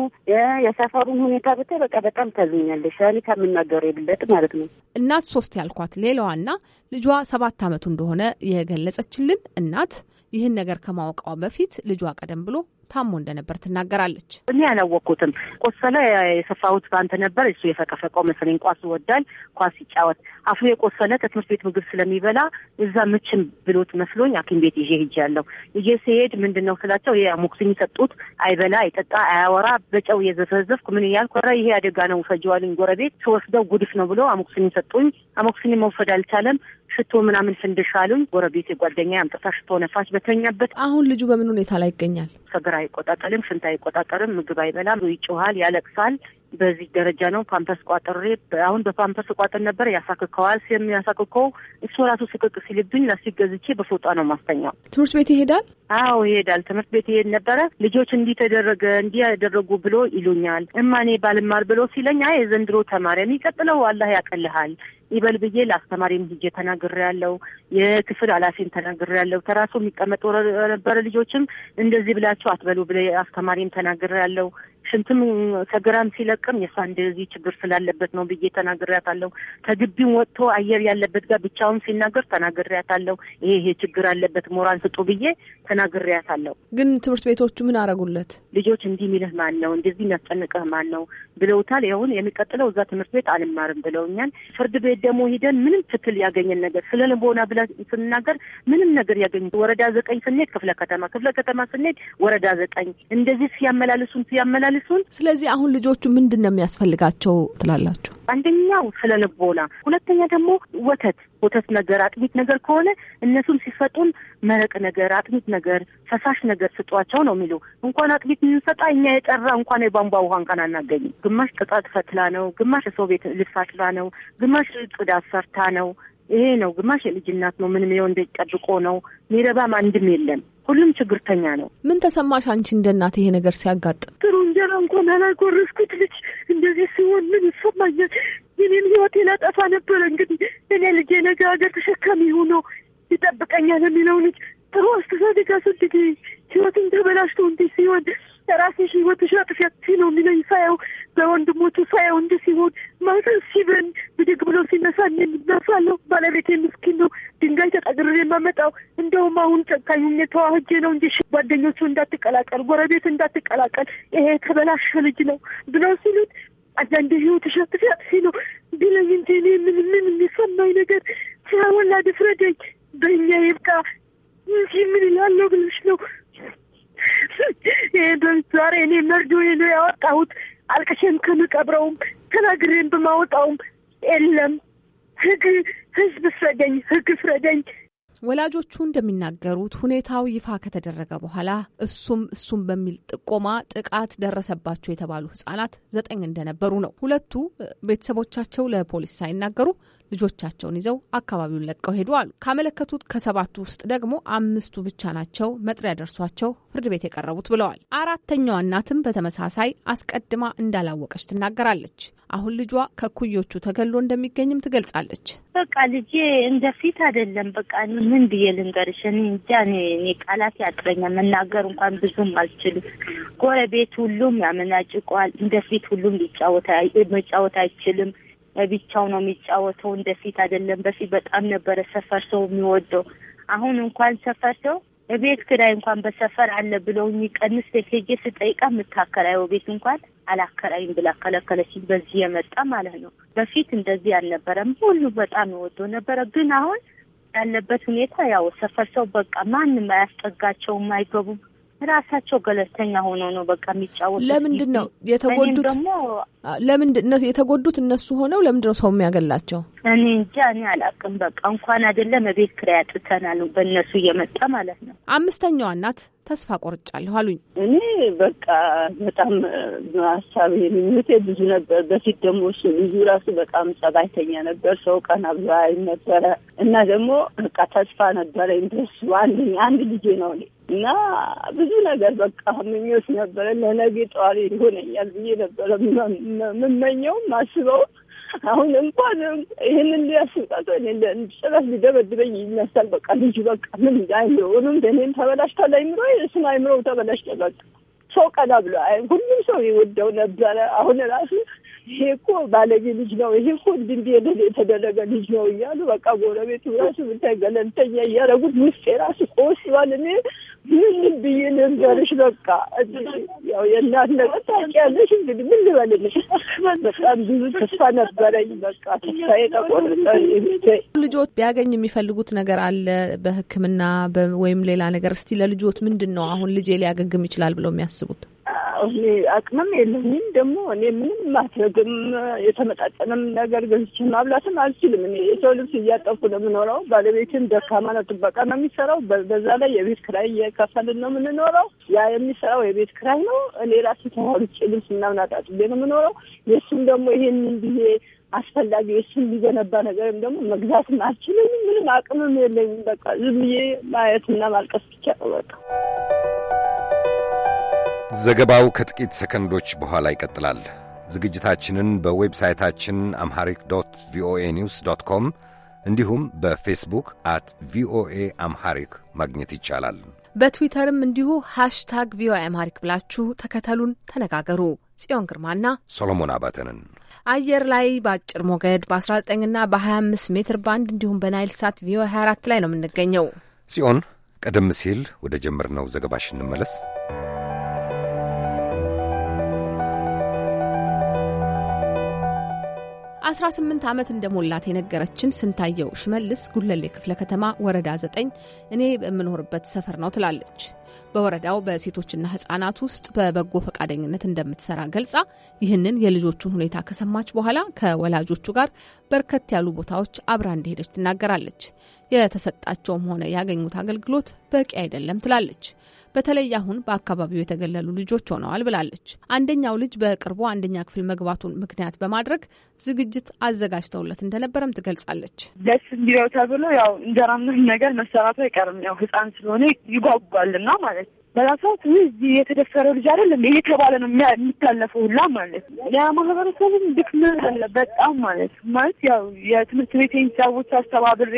የሰፈሩን ሁኔታ ብታይ በቃ በጣም ታዝኛለሽ። ያኔ ከምናገሩ የብለጥ ማለት ነው። እናት ሶስት ያልኳት ሌላዋና ልጇ ሰባት አመቱ እንደሆነ የገለጸችልን እናት ይህን ነገር ከማወቃዋ በፊት ልጇ ቀደም ብሎ ታሞ እንደነበር ትናገራለች። እኔ ያላወቅኩትም ቆሰለ የሰፋሁት በአንተ ነበር። እሱ የፈቀፈቀው መሰለኝ። ኳስ ይወዳል፣ ኳስ ይጫወት። አፉ የቆሰለ ከትምህርት ቤት ምግብ ስለሚበላ እዛ ምችም ብሎት መስሎኝ ሐኪም ቤት ይዤ ሂጅ ያለው ይዤ ሲሄድ ምንድን ነው ስላቸው ሞክሲን ሰጡት። አይበላ፣ አይጠጣ፣ አያወራ በጨው የዘፈዘፍኩ ምን እያልኩ ኧረ ይሄ አደጋ ነው ውሰጂዋልኝ ጎረቤት ስወስደው ጉድፍ ነው ብሎ አሞክሲን ሰጡኝ። አሞክሲን መውሰድ አልቻለም። ሽቶ ምናምን ፍንድሽ አሉኝ። ጎረቤት ጓደኛ አምጥታ ሽቶ ነፋች በተኛበት። አሁን ልጁ በምን ሁኔታ ላይ ይገኛል? ሰገራ አይቆጣጠልም፣ ሽንት አይቆጣጠርም፣ ምግብ አይበላም፣ ይጮሃል፣ ያለቅሳል፣ በዚህ ደረጃ ነው። ፓምፐርስ ቋጥሬ አሁን በፓምፐርስ ቋጥር ነበር ያሳክከዋል። ስለሚያሳክከው እሱ ራሱ ስቅቅ ሲልብኝ ላስቲክ ገዝቼ በፎጣ ነው ማስተኛው። ትምህርት ቤት ይሄዳል? አዎ ይሄዳል። ትምህርት ቤት ይሄድ ነበረ። ልጆች እንዲህ ተደረገ እንዲህ ያደረጉ ብሎ ይሉኛል። እማኔ ባልማር ብሎ ሲለኝ አይ የዘንድሮ ተማሪ የሚቀጥለው አላህ ያቀልሃል ይበል ብዬ ለአስተማሪም ሂጄ ያለው የክፍል ኃላፊም ያለው ተራሱ የሚቀመጡ ነበረ ልጆችም እንደዚህ ብላችሁ አትበሉ ብለ አስተማሪም ያለው ሽንትም ከግራም ሲለቅም የእሷ እንደዚህ ችግር ስላለበት ነው ብዬ ተናግሬያታለሁ። ከግቢም ወጥቶ አየር ያለበት ጋር ብቻውን ሲናገር ተናግሬያታለሁ። ይሄ ይሄ ችግር አለበት ሞራን ስጡ ብዬ ተናግሬያታለሁ። ግን ትምህርት ቤቶቹ ምን አረጉለት? ልጆች እንዲህ የሚልህ ማን ነው? እንደዚህ የሚያስጨንቅህ ማን ነው ብለውታል። ይሁን የሚቀጥለው እዛ ትምህርት ቤት አልማርም ብለውኛል። ፍርድ ቤት ደግሞ ሂደን ምንም ትክል ያገኘን ነገር ስለ ልቦና ብላ ስንናገር ምንም ነገር ያገኝ ወረዳ ዘጠኝ ስንሄድ ክፍለ ከተማ ክፍለ ከተማ ስንሄድ ወረዳ ዘጠኝ እንደዚህ ሲያመላልሱን ሲያመላልሱ መልሱን። ስለዚህ አሁን ልጆቹ ምንድን ነው የሚያስፈልጋቸው ትላላችሁ? አንደኛው ስለ ልቦና፣ ሁለተኛ ደግሞ ወተት ወተት ነገር አጥሚት ነገር ከሆነ እነሱም ሲሰጡን መረቅ ነገር አጥሚት ነገር ፈሳሽ ነገር ስጧቸው ነው የሚሉ። እንኳን አጥሚት የምንሰጣ እኛ የጠራ እንኳን የቧንቧ ውሃ እንኳን አናገኝም። ግማሽ ቅጣት ፈትላ ነው፣ ግማሽ የሰው ቤት ልብስ አጥባ ነው፣ ግማሽ ጽዳት ሰርታ ነው፣ ይሄ ነው። ግማሽ የልጅ እናት ነው። ምንም የው እንደ ጠብቆ ነው ሚረባም አንድም የለም። ሁሉም ችግርተኛ ነው። ምን ተሰማሽ አንቺ እንደ እናት ይሄ ነገር ሲያጋጥም? ጥሩ እንጀራ እንኳን አላጎረስኩት ልጅ እንደዚህ ሲሆን ምን ይሰማኛል? የኔን ህይወቴ ላጠፋ ነበረ። እንግዲህ እኔ ልጄ ነገ ሀገር ተሸካሚ ሆኖ ይጠብቀኛል የሚለው ልጅ ጥሩ አስተሳደጋ አስወድጌ ህይወትን ተበላሽቶ እንዲህ ሲሆን ራስሽ ህይወትሽ አጥፊያት ነው የሚለኝ ሳየው በወንድሞቹ ሳየው እንዲህ ሲሆን ማዘን ሲብን ብድግ ብሎ ሲነሳ እናሳለሁ። ባለቤቴ ምስኪን ነው፣ ድንጋይ ተጠግሬ የማመጣው እንደውም አሁን ጨካኙ ተዋህጄ ነው እንጂ ጓደኞቹ እንዳትቀላቀል፣ ጎረቤት እንዳትቀላቀል፣ ይሄ የተበላሸ ልጅ ነው ብለው ሲሉት አንዳንድ ህይወትሽ አጥፊያት ነው ቢለኝ እንጂ እኔ ምን ምን የሚሰማኝ ነገር ሲያወላ ድፍረደኝ በእኛ ይብቃ እንጂ ምን ይላለው ብለሽ ነው ዛሬ እኔ መርዶ ነው ያወጣሁት። አልቅሼም ከምቀብረውም ተናግሬም በማወጣውም የለም ህግ ህዝብ ፍረደኝ፣ ህግ ፍረደኝ። ወላጆቹ እንደሚናገሩት ሁኔታው ይፋ ከተደረገ በኋላ እሱም እሱም በሚል ጥቆማ ጥቃት ደረሰባቸው የተባሉ ህጻናት ዘጠኝ እንደነበሩ ነው። ሁለቱ ቤተሰቦቻቸው ለፖሊስ ሳይናገሩ ልጆቻቸውን ይዘው አካባቢውን ለቀው ሄዱ አሉ። ካመለከቱት ከሰባቱ ውስጥ ደግሞ አምስቱ ብቻ ናቸው መጥሪያ ደርሷቸው ፍርድ ቤት የቀረቡት ብለዋል። አራተኛዋ እናትም በተመሳሳይ አስቀድማ እንዳላወቀች ትናገራለች። አሁን ልጇ ከኩዮቹ ተገሎ እንደሚገኝም ትገልጻለች። በቃ ልጄ እንደፊት አይደለም። በቃ ምን ብዬ ልንገርሽ? እኔ እንጃ። እኔ ቃላት ያጥረኛል። መናገር እንኳን ብዙም አልችልም። ጎረቤት ሁሉም ያመናጭቋል። እንደፊት ሁሉም ሊጫወት መጫወት አይችልም። ብቻው ነው የሚጫወተው። እንደፊት አይደለም። በፊት በጣም ነበረ ሰፈር ሰው የሚወደው። አሁን እንኳን ሰፈር ሰው የቤት ክራይ እንኳን በሰፈር አለ ብለው የሚቀንስ ሄጄ ስጠይቃ የምታከራየው ቤት እንኳን አላከራይም ብላ ከለከለችኝ። በዚህ የመጣ ማለት ነው። በፊት እንደዚህ አልነበረም። ሁሉ በጣም የወደው ነበረ። ግን አሁን ያለበት ሁኔታ ያው ሰፈር ሰው በቃ ማንም አያስጠጋቸውም፣ አይገቡም ራሳቸው ገለልተኛ ሆኖ ነው በቃ የሚጫወቱት። ለምንድን ነው የተጎዱት? ደግሞ ለምንድን የተጎዱት እነሱ ሆነው ለምንድን ነው ሰው የሚያገላቸው? እኔ እንጃ እኔ አላውቅም። በቃ እንኳን አይደለም ቤት ኪራይ አጥተናል በእነሱ እየመጣ ማለት ነው። አምስተኛዋ እናት ተስፋ ቆርጫለሁ አሉኝ። እኔ በቃ በጣም ሀሳብ ምኞቴ ብዙ ነበር። በፊት ደግሞ እሱ ልጁ ራሱ በጣም ጸባይተኛ ነበር። ሰው ቀና ብሎ አይ ነበረ እና ደግሞ በቃ ተስፋ ነበረ። እንደሱ አንድ አንድ ልጄ ነው እና ብዙ ነገር በቃ ምኞት ነበረ። ለነገ ጠዋሪ ይሆነኛል ብዬ ነበረ ምመኘው ማስበው አሁን እንኳን ይህንን ሊያስብቃቶ ጭራሽ ሊደበድበኝ ይመስላል። በቃ ልጅ በቃ ምን አይምሮውንም እኔም ተበላሽቷል። አይምሮ ስም አይምሮ ተበላሽቷል። በቃ ሰው ቀና ብሎ ሁሉም ሰው ይወደው ነበረ። አሁን ራሱ ይሄ እኮ ባለጌ ልጅ ነው፣ ይሄ እኮ እንዲህ የተደረገ ልጅ ነው እያሉ በቃ ጎረቤቱ ራሱ ብታይ ገለልተኛ እያደረጉት ውስጤ ራሱ ቆስሏል። እኔ ምን ብዬ ልንገርሽ? በቃ ያው የእናት ነገር ታውቂያለሽ። እንግዲህ ምን ልበልልሽ? በጣም ብዙ ተስፋ ነበረኝ። በቃ ተስፋዬ ተቆርጠ። ልጆት ቢያገኝ የሚፈልጉት ነገር አለ በሕክምና ወይም ሌላ ነገር? እስቲ ለልጆት ምንድን ነው አሁን ልጄ ሊያገግም ይችላል ብለው የሚያስቡት? እኔ አቅምም የለኝም። ደግሞ እኔ ምንም ማድረግም የተመጣጠንም ነገር ገዝቼ ማብላትም አልችልም። እኔ የሰው ልብስ እያጠፉ ነው የምኖረው። ባለቤትም ደካማ ነው፣ ጥበቃ ነው የሚሰራው። በዛ ላይ የቤት ክራይ እየከፈልን ነው የምንኖረው። ያ የሚሰራው የቤት ክራይ ነው። እኔ ራሱ ተዋርጬ ልብስ ምናምን አጣጥቤ ነው የምኖረው። የእሱም ደግሞ ይሄን ብዬ አስፈላጊ እሱን ሊገነባ ነገርም ደግሞ መግዛትም አልችልም። ምንም አቅምም የለኝም። በቃ ዝም ብዬ ማየትና ማልቀስ ብቻ ነው በቃ ዘገባው ከጥቂት ሰከንዶች በኋላ ይቀጥላል። ዝግጅታችንን በዌብሳይታችን አምሃሪክ ዶት ቪኦኤ ኒውስ ዶት ኮም እንዲሁም በፌስቡክ አት ቪኦኤ አምሐሪክ ማግኘት ይቻላል። በትዊተርም እንዲሁ ሃሽታግ ቪኦኤ አምሃሪክ ብላችሁ ተከተሉን፣ ተነጋገሩ። ጽዮን ግርማና ሶሎሞን አባተንን አየር ላይ በአጭር ሞገድ በ19 ና በ25 ሜትር ባንድ እንዲሁም በናይል ሳት ቪኦኤ 24 ላይ ነው የምንገኘው። ጽዮን፣ ቀደም ሲል ወደ ጀመርነው ዘገባሽ እንመለስ። 18 ዓመት እንደሞላት የነገረችን ስንታየው ሽመልስ ጉለሌ ክፍለ ከተማ ወረዳ 9 እኔ በምኖርበት ሰፈር ነው ትላለች። በወረዳው በሴቶችና ህጻናት ውስጥ በበጎ ፈቃደኝነት እንደምትሰራ ገልጻ ይህንን የልጆቹን ሁኔታ ከሰማች በኋላ ከወላጆቹ ጋር በርከት ያሉ ቦታዎች አብራ እንደሄደች ትናገራለች። የተሰጣቸውም ሆነ ያገኙት አገልግሎት በቂ አይደለም ትላለች። በተለይ አሁን በአካባቢው የተገለሉ ልጆች ሆነዋል ብላለች። አንደኛው ልጅ በቅርቡ አንደኛ ክፍል መግባቱን ምክንያት በማድረግ ዝግጅት አዘጋጅተውለት እንደነበረም ትገልጻለች። ደስ እንዲለው ተብሎ ያው እንጀራ ምን ነገር መሰራቱ አይቀርም። ያው ህፃን ስለሆነ ይጓጓልና ማለት ነው። በራሷ እዚህ የተደፈረው ልጅ አይደለም እየተባለ ነው የሚታለፈው ሁላ ማለት ነው። ለማህበረሰቡም አለ በጣም ማለት ማለት ያው የትምህርት ቤት ሰዎች አስተባብሬ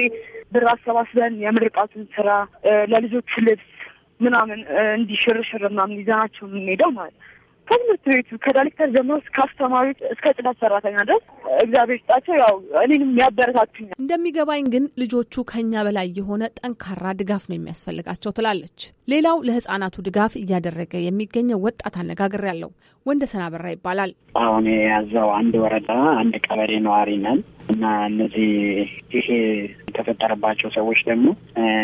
ብር አሰባስበን የምርቃቱን ስራ ለልጆቹ ልብስ ምናምን እንዲሽርሽር ሽርሽር ምናምን ይዘናቸው የምንሄደው ማለት ነው። ከትምህርት ቤቱ ከዳይሬክተር ጀምሮ እስከ አስተማሪዎች እስከ ጽዳት ሰራተኛ ድረስ እግዚአብሔር ይስጣቸው። ያው እኔንም ያበረታቱኛል። እንደሚገባኝ ግን ልጆቹ ከኛ በላይ የሆነ ጠንካራ ድጋፍ ነው የሚያስፈልጋቸው ትላለች። ሌላው ለህጻናቱ ድጋፍ እያደረገ የሚገኘው ወጣት አነጋግር ያለው ወንደ ሰናበራ ይባላል። አሁን የያዘው አንድ ወረዳ አንድ ቀበሌ ነዋሪ ነን እና እነዚህ ይሄ የተፈጠረባቸው ሰዎች ደግሞ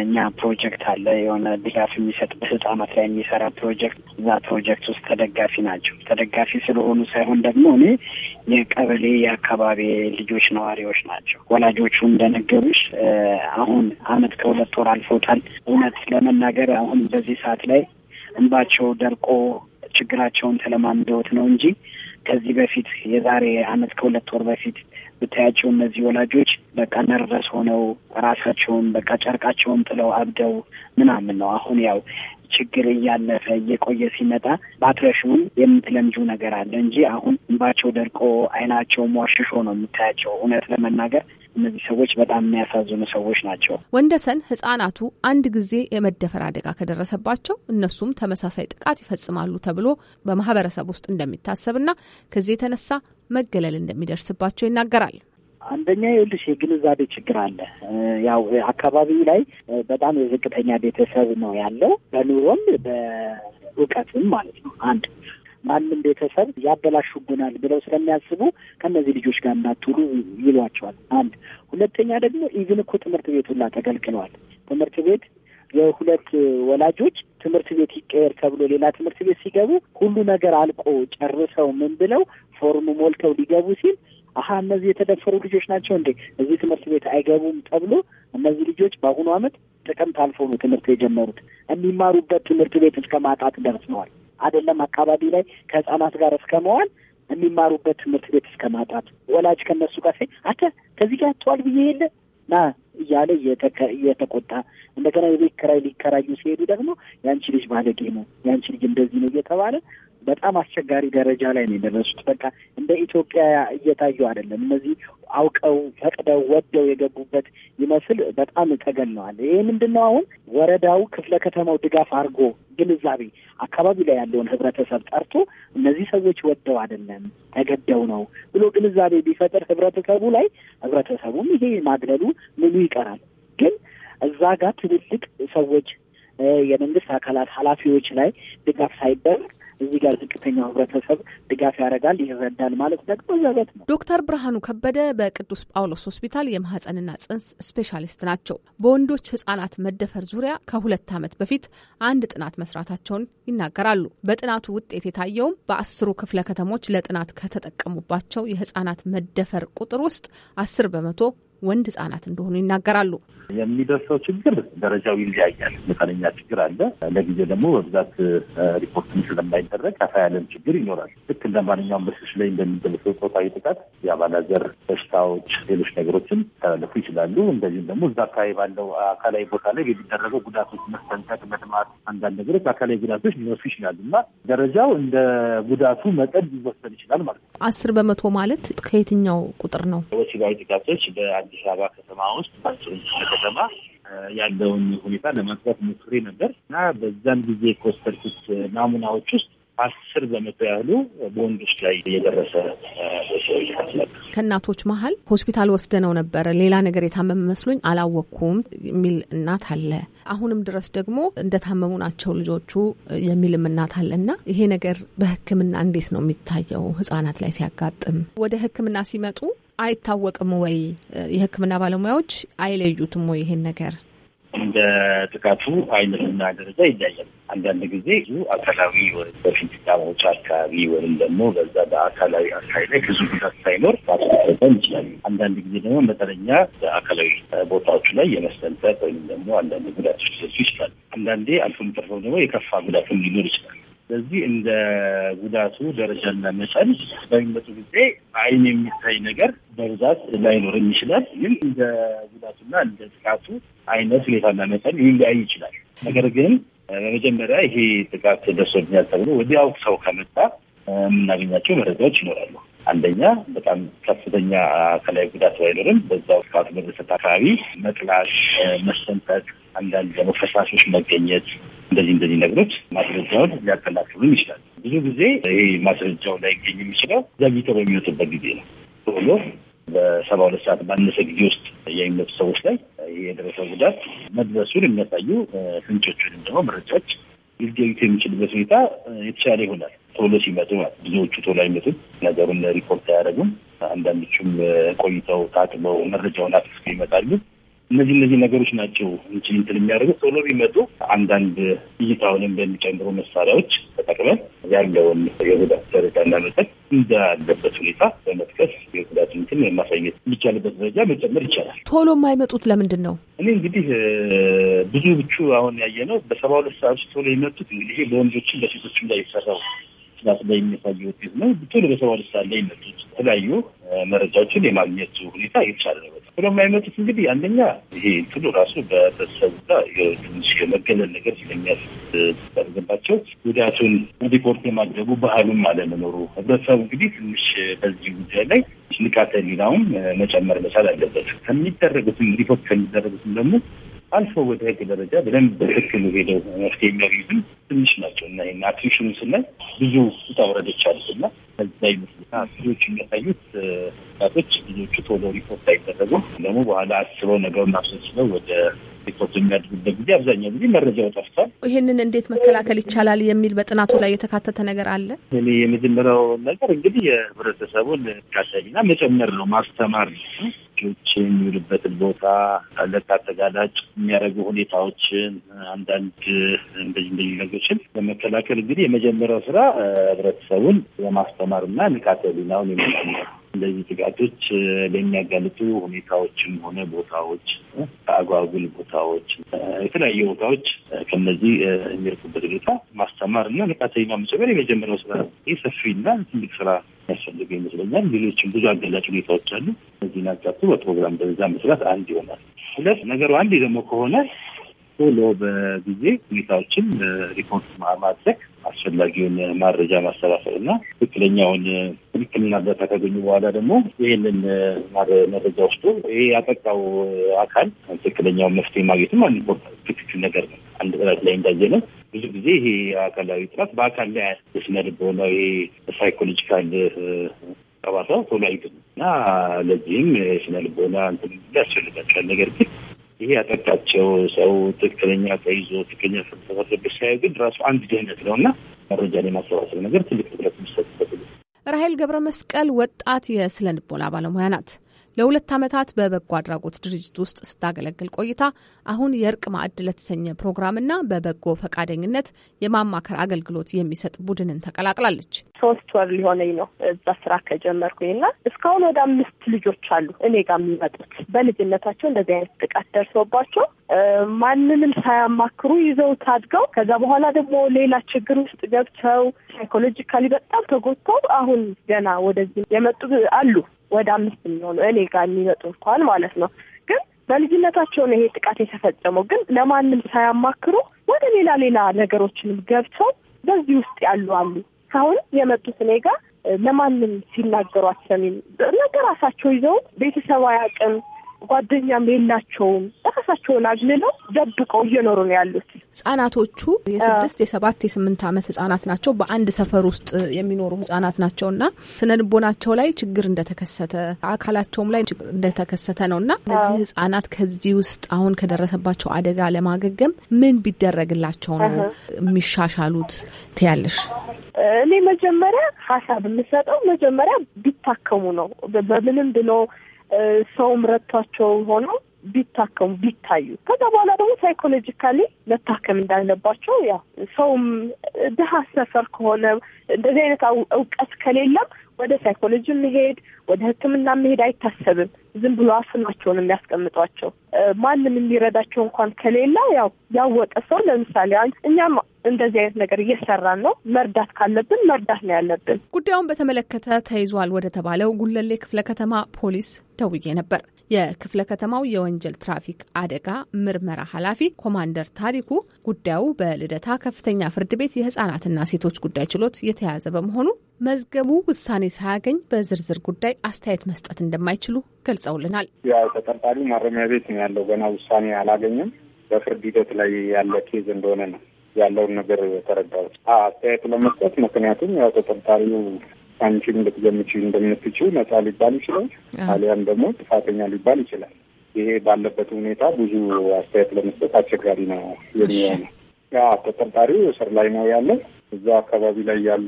እኛ ፕሮጀክት አለ የሆነ ድጋፍ የሚሰጥ በህጻናት ላይ የሚሰራ ፕሮጀክት፣ እዛ ፕሮጀክት ውስጥ ተደጋፊ ናቸው። ተደጋፊ ስለሆኑ ሳይሆን ደግሞ እኔ የቀበሌ የአካባቢ ልጆች ነዋሪዎች ናቸው። ወላጆቹ እንደነገሩሽ አሁን አመት ከሁለት ወር አልፎታል። እውነት ለመናገር አሁን በዚህ ሰዓት ላይ እንባቸው ደርቆ ችግራቸውን ተለማምደውት ነው እንጂ ከዚህ በፊት የዛሬ አመት ከሁለት ወር በፊት ብታያቸው እነዚህ ወላጆች በቃ ነርቨስ ሆነው ራሳቸውን በቃ ጨርቃቸውን ጥለው አብደው ምናምን ነው። አሁን ያው ችግር እያለፈ እየቆየ ሲመጣ በአትረሹን የምትለምጁ ነገር አለ እንጂ አሁን እንባቸው ደርቆ አይናቸው ሟሽሾ ነው የምታያቸው። እውነት ለመናገር እነዚህ ሰዎች በጣም የሚያሳዝኑ ሰዎች ናቸው። ወንደሰን ህጻናቱ አንድ ጊዜ የመደፈር አደጋ ከደረሰባቸው እነሱም ተመሳሳይ ጥቃት ይፈጽማሉ ተብሎ በማህበረሰብ ውስጥ እንደሚታሰብና ከዚህ የተነሳ መገለል እንደሚደርስባቸው ይናገራል። አንደኛ ይኸውልሽ የግንዛቤ ችግር አለ። ያው አካባቢው ላይ በጣም የዝቅተኛ ቤተሰብ ነው ያለው በኑሮም በእውቀትም ማለት ነው። አንድ ማንም ቤተሰብ ያበላሹብናል ብለው ስለሚያስቡ ከእነዚህ ልጆች ጋር እንዳትውሉ ይሏቸዋል። አንድ ሁለተኛ ደግሞ ኢቭን እኮ ትምህርት ቤት ሁላ ተገልግለዋል። ትምህርት ቤት የሁለት ወላጆች ትምህርት ቤት ይቀየር ተብሎ ሌላ ትምህርት ቤት ሲገቡ ሁሉ ነገር አልቆ ጨርሰው ምን ብለው ፎርም ሞልተው ሊገቡ ሲል አሀ እነዚህ የተደፈሩ ልጆች ናቸው እንዴ እዚህ ትምህርት ቤት አይገቡም ተብሎ እነዚህ ልጆች በአሁኑ አመት ጥቅምት አልፎ ነው ትምህርት የጀመሩት። የሚማሩበት ትምህርት ቤት እስከ ማጣት ደርሰዋል። አይደለም አካባቢ ላይ ከህጻናት ጋር እስከ መዋል የሚማሩበት ትምህርት ቤት እስከ ማጣት ወላጅ ከነሱ ጋር ሳይ አተ ከዚህ ጋር አትዋል ብዬ የለ ና እያለ እየተቆጣ እንደገና የቤት ኪራይ ሊከራዩ ሲሄዱ ደግሞ የአንቺ ልጅ ባለጌ ነው፣ የአንቺ ልጅ እንደዚህ ነው እየተባለ በጣም አስቸጋሪ ደረጃ ላይ ነው የደረሱት። በቃ እንደ ኢትዮጵያ እየታዩ አይደለም። እነዚህ አውቀው ፈቅደው ወደው የገቡበት ይመስል በጣም ተገለዋል። ይህ ምንድን ነው? አሁን ወረዳው ክፍለ ከተማው ድጋፍ አድርጎ ግንዛቤ አካባቢ ላይ ያለውን ህብረተሰብ ጠርቶ እነዚህ ሰዎች ወደው አይደለም ተገደው ነው ብሎ ግንዛቤ ቢፈጥር ህብረተሰቡ ላይ ህብረተሰቡም ይሄ ማግለሉ ምኑ ይቀራል። ግን እዛ ጋር ትልልቅ ሰዎች የመንግስት አካላት ኃላፊዎች ላይ ድጋፍ ሳይደረግ እዚህ ጋር ዝቅተኛው ህብረተሰብ ድጋፍ ያደርጋል፣ ይረዳል ማለት ደግሞ ዘበት ነው። ዶክተር ብርሃኑ ከበደ በቅዱስ ጳውሎስ ሆስፒታል የማህፀንና ጽንስ ስፔሻሊስት ናቸው። በወንዶች ህጻናት መደፈር ዙሪያ ከሁለት ዓመት በፊት አንድ ጥናት መስራታቸውን ይናገራሉ። በጥናቱ ውጤት የታየውም በአስሩ ክፍለ ከተሞች ለጥናት ከተጠቀሙባቸው የህጻናት መደፈር ቁጥር ውስጥ አስር በመቶ ወንድ ህጻናት እንደሆኑ ይናገራሉ። የሚደርሰው ችግር ደረጃው ይለያያል። መጠነኛ ችግር አለ። ለጊዜ ደግሞ በብዛት ሪፖርትም ስለማይደረግ ሰፋ ያለም ችግር ይኖራል። ልክ እንደ ማንኛውም በሴቶች ላይ እንደሚደርሰው ፆታዊ ጥቃት የአባላዘር በሽታዎች፣ ሌሎች ነገሮችም ተላለፉ ይችላሉ። እንደዚሁም ደግሞ እዛ አካባቢ ባለው አካላዊ ቦታ ላይ የሚደረገው ጉዳቶች መስጠንጠቅ፣ መድማት፣ አንዳንድ ነገሮች አካላዊ ጉዳቶች ሊኖሱ ይችላሉ እና ደረጃው እንደ ጉዳቱ መጠን ሊወሰን ይችላል ማለት ነው። አስር በመቶ ማለት ከየትኛው ቁጥር ነው? ወሲባዊ ጥቃቶች በአዲስ አበባ ከተማ ውስጥ ከተማ ያለውን ሁኔታ ለማጥፋት ሞክሬ ነበር እና በዛን ጊዜ ከወሰድኩት ናሙናዎች ውስጥ አስር በመቶ ያህሉ በወንዶች ላይ እየደረሰ ከእናቶች መሀል ሆስፒታል ወስደነው ነበረ። ሌላ ነገር የታመመ መስሎኝ አላወቅኩም የሚል እናት አለ። አሁንም ድረስ ደግሞ እንደታመሙ ናቸው ልጆቹ የሚልም እናት አለ እና ይሄ ነገር በሕክምና እንዴት ነው የሚታየው? ህጻናት ላይ ሲያጋጥም ወደ ሕክምና ሲመጡ አይታወቅም ወይ? የህክምና ባለሙያዎች አይለዩትም ወይ ይሄን ነገር? እንደ ጥቃቱ አይነትና ደረጃ ይለያል። አንዳንድ ጊዜ ብዙ አካላዊ በፊት ጫማዎች አካባቢ ወይም ደግሞ በዛ በአካላዊ አካባቢ ላይ ብዙ ጉዳት ሳይኖር ማስጠጠም ይችላል። አንዳንድ ጊዜ ደግሞ መጠነኛ በአካላዊ ቦታዎቹ ላይ የመሰንጠቅ ወይም ደግሞ አንዳንድ ጉዳቶች ሊደርሱ ይችላል። አንዳንዴ አልፎም ተርፎም ደግሞ የከፋ ጉዳትም ሊኖር ይችላል። ስለዚህ እንደ ጉዳቱ ደረጃና መጠን በሚመጡ ጊዜ አይን የሚታይ ነገር በብዛት ላይኖር ይችላል። ግን እንደ ጉዳቱና እንደ ጥቃቱ አይነት ሁኔታና መጠን ሊለያይ ይችላል። ነገር ግን በመጀመሪያ ይሄ ጥቃት ደርሶብኛል ተብሎ ወዲያው ሰው ከመጣ የምናገኛቸው መረጃዎች ይኖራሉ። አንደኛ በጣም ከፍተኛ ከላይ ጉዳት ባይኖርም በዛው ጥቃቱ በደረሰበት አካባቢ መጥላሽ፣ መሰንጠቅ፣ አንዳንድ ደግሞ ፈሳሾች መገኘት እንደዚህ እንደዚህ ነገሮች ማስረጃውን ሊያጠናክሩም ይችላል። ብዙ ጊዜ ይሄ ማስረጃው ላይገኝ የሚችለው ዘግይቶ በሚወጡበት ጊዜ ነው። ቶሎ በሰባ ሁለት ሰዓት ባነሰ ጊዜ ውስጥ የሚመጡ ሰዎች ላይ የደረሰው ጉዳት መድረሱን የሚያሳዩ ፍንጮች ወይም ደግሞ መረጃዎች ሊገኙት የሚችልበት ሁኔታ የተሻለ ይሆናል። ቶሎ ሲመጡ ማለት ብዙዎቹ ቶሎ አይመጡም፣ ነገሩን ሪፖርት አያደርጉም። አንዳንዶቹም ቆይተው ታጥበው መረጃውን አጥፍቶ ይመጣሉ። እነዚህ እነዚህ ነገሮች ናቸው እንጂ እንትን የሚያደርጉት ቶሎ ቢመጡ አንዳንድ እይታውንም በሚጨምሩ መሳሪያዎች ተጠቅመን ያለውን የጉዳት ደረጃ እንዳመጠት እንዳለበት ሁኔታ በመጥቀስ የጉዳት እንትን የማሳየት የሚቻልበት ደረጃ መጨመር ይቻላል። ቶሎ የማይመጡት ለምንድን ነው? እኔ እንግዲህ ብዙ ብቹ አሁን ያየ ነው በሰባ ሁለት ሰዓት ቶሎ የመጡት እንግዲህ በወንዶችም በሴቶችም ላይ ይሰራው ተሰባስበ የሚያሳይ ውጤት ነው። ቶሎ በሰባ ደስ ላይ ይመጡት የተለያዩ መረጃዎችን የማግኘቱ ሁኔታ የተሻለ ነው። በጣም ብሎ የማይመጡት እንግዲህ አንደኛ ይሄ እንትኑ ራሱ በተሰቡ ትንሽ የመገለል ነገር ስለሚያስጠርግባቸው ጉዳቱን ሪፖርት የማድረጉ ባህሉም አለመኖሩ ህብረተሰቡ እንግዲህ ትንሽ በዚህ ጉዳይ ላይ ንቃተ ህሊናውም መጨመር መቻል አለበት። ከሚደረጉትም ሪፖርት ከሚደረጉትም ደግሞ አልፎ ወደ ህግ ደረጃ ብለን በትክክሉ ሄደው መፍትሄ የሚያገኙትም ትንሽ ናቸው እና ይህ አትሪሽኑ ስናይ ብዙ ውጣ ውረዶች አሉት እና ከዛ ይመስልና ብዙዎች የሚያሳዩት ጣቶች ብዙዎቹ ቶሎ ሪፖርት አይደረጉም። ደግሞ በኋላ አስሮ ነገሩን አስወስበው ወደ ሪፖርት የሚያድጉበት ጊዜ አብዛኛው ጊዜ መረጃው ጠፍቷል። ይህንን እንዴት መከላከል ይቻላል የሚል በጥናቱ ላይ የተካተተ ነገር አለ። እኔ የመጀመሪያው ነገር እንግዲህ የህብረተሰቡን ካሳቢና መጨመር ነው ማስተማር ነው ውጭ የሚውልበትን ቦታ ለተጋላጭ የሚያደርጉ ሁኔታዎችን አንዳንድ እንደዚህ እንደዚህ ነገሮችን ለመከላከል እንግዲህ የመጀመሪያው ስራ ህብረተሰቡን የማስተማር እና ንቃተ ህሊናውን የመጨመር እንደዚህ ጥቃቶች ለሚያጋልጡ ሁኔታዎችም ሆነ ቦታዎች፣ አጓጉል ቦታዎች፣ የተለያዩ ቦታዎች ከነዚህ የሚርቁበት ሁኔታ ማስተማር እና ንቃተኛ መጨመር የመጀመሪያው ስራ ነው። ይህ ሰፊና ትልቅ ስራ ያስፈልገ ይመስለኛል። ሌሎችም ብዙ አገላጭ ሁኔታዎች አሉ። እነዚህን አጋቱ በፕሮግራም በዛ መስራት አንድ ይሆናል። ሁለት ነገሩ አንድ ደግሞ ከሆነ ቶሎ በጊዜ ሁኔታዎችን ሪፖርት ማድረግ አስፈላጊውን ማረጃ ማሰባሰብ እና ትክክለኛውን ትክክልና እርዳታ ካገኙ በኋላ ደግሞ ይህንን መረጃ ውስጡ ይሄ ያጠቃው አካል ትክክለኛውን መፍትሄ ማግኘትም አንድ ትክክል ነገር ነው። አንድ ጥረት ላይ እንዳየ ነው። ብዙ ጊዜ ይሄ አካላዊ ጥረት በአካል ላይ የስነልብ ሆነው ይሄ ሳይኮሎጂካል ጠባሳ ቶሎ አይገኙም እና ለዚህም የስነልቦና እንትን ያስፈልጋቸዋል ነገር ግን ይሄ ያጠቃቸው ሰው ትክክለኛ ተይዞ ትክክለኛ ስለተፈረደበት ሲያዩ ግን ራሱ አንድ ድህነት ነው እና መረጃ ላይ ማሰባሰብ ነገር ትልቅ ትኩረት የሚሰጥበት። ራሄል ገብረ መስቀል ወጣት የስነ ልቦና ባለሙያ ናት። ለሁለት ዓመታት በበጎ አድራጎት ድርጅት ውስጥ ስታገለግል ቆይታ አሁን የእርቅ ማዕድ ለተሰኘ ፕሮግራምና በበጎ ፈቃደኝነት የማማከር አገልግሎት የሚሰጥ ቡድንን ተቀላቅላለች። ሶስት ወር ሊሆነኝ ነው እዛ ስራ ከጀመርኩኝና እስካሁን ወደ አምስት ልጆች አሉ እኔ ጋር የሚመጡት በልጅነታቸው እንደዚህ አይነት ጥቃት ደርሶባቸው ማንንም ሳያማክሩ ይዘው ታድገው ከዛ በኋላ ደግሞ ሌላ ችግር ውስጥ ገብተው ሳይኮሎጂካሊ በጣም ተጎድተው አሁን ገና ወደዚህ የመጡ አሉ። ወደ አምስት የሚሆኑ እኔ ጋር የሚመጡ እንኳን ማለት ነው። ግን በልጅነታቸው ነው ይሄ ጥቃት የተፈጸመው። ግን ለማንም ሳያማክሩ ወደ ሌላ ሌላ ነገሮችንም ገብተው በዚህ ውስጥ ያሉ አሉ። አሁን የመጡት እኔ ጋር ለማንም ሲናገሩ አትሰሚም። ነገር ራሳቸው ይዘው ቤተሰባዊ አቅም ጓደኛም የላቸውም። ራሳቸውን አግልለው ደብቀው እየኖሩ ነው ያሉት። ህጻናቶቹ የስድስት የሰባት የስምንት ዓመት ህጻናት ናቸው። በአንድ ሰፈር ውስጥ የሚኖሩ ህጻናት ናቸው እና ስነ ልቦናቸው ላይ ችግር እንደተከሰተ አካላቸውም ላይ ችግር እንደተከሰተ ነው እና እነዚህ ህጻናት ከዚህ ውስጥ አሁን ከደረሰባቸው አደጋ ለማገገም ምን ቢደረግላቸው ነው የሚሻሻሉት ትያለሽ? እኔ መጀመሪያ ሀሳብ የምሰጠው መጀመሪያ ቢታከሙ ነው። በምንም ብሎ ሰውም ረድቷቸው ሆኖ ቢታከሙ ቢታዩ ከዛ በኋላ ደግሞ ሳይኮሎጂካሊ መታከም እንዳለባቸው ያው ሰውም ድሀ ሰፈር ከሆነ እንደዚህ አይነት እውቀት ከሌለም ወደ ሳይኮሎጂ መሄድ፣ ወደ ሕክምና መሄድ አይታሰብም። ዝም ብሎ አፍኗቸው ነው የሚያስቀምጧቸው። ማንም የሚረዳቸው እንኳን ከሌላ ያው ያወቀ ሰው ለምሳሌ እኛም እንደዚህ አይነት ነገር እየሰራን ነው። መርዳት ካለብን መርዳት ነው ያለብን። ጉዳዩን በተመለከተ ተይዟል ወደ ተባለው ጉለሌ ክፍለ ከተማ ፖሊስ ደውዬ ነበር። የክፍለ ከተማው የወንጀል ትራፊክ አደጋ ምርመራ ኃላፊ ኮማንደር ታሪኩ ጉዳዩ በልደታ ከፍተኛ ፍርድ ቤት የህጻናትና ሴቶች ጉዳይ ችሎት የተያዘ በመሆኑ መዝገቡ ውሳኔ ሳያገኝ በዝርዝር ጉዳይ አስተያየት መስጠት እንደማይችሉ ገልጸውልናል። ያው ተጠርጣሪ ማረሚያ ቤት ነው ያለው። ገና ውሳኔ አላገኘም። በፍርድ ሂደት ላይ ያለ ኬዝ እንደሆነ ነው ያለውን ነገር ተረዳሁት። አስተያየት ለመስጠት ምክንያቱም ያው ተጠርጣሪው አንቺ ልትገምች እንደምትችው ነጻ ሊባል ይችላል፣ አሊያም ደግሞ ጥፋተኛ ሊባል ይችላል። ይሄ ባለበት ሁኔታ ብዙ አስተያየት ለመስጠት አስቸጋሪ ነው የሚሆነው። ያ ተጠርጣሪው እስር ላይ ነው ያለ። እዛ አካባቢ ላይ ያሉ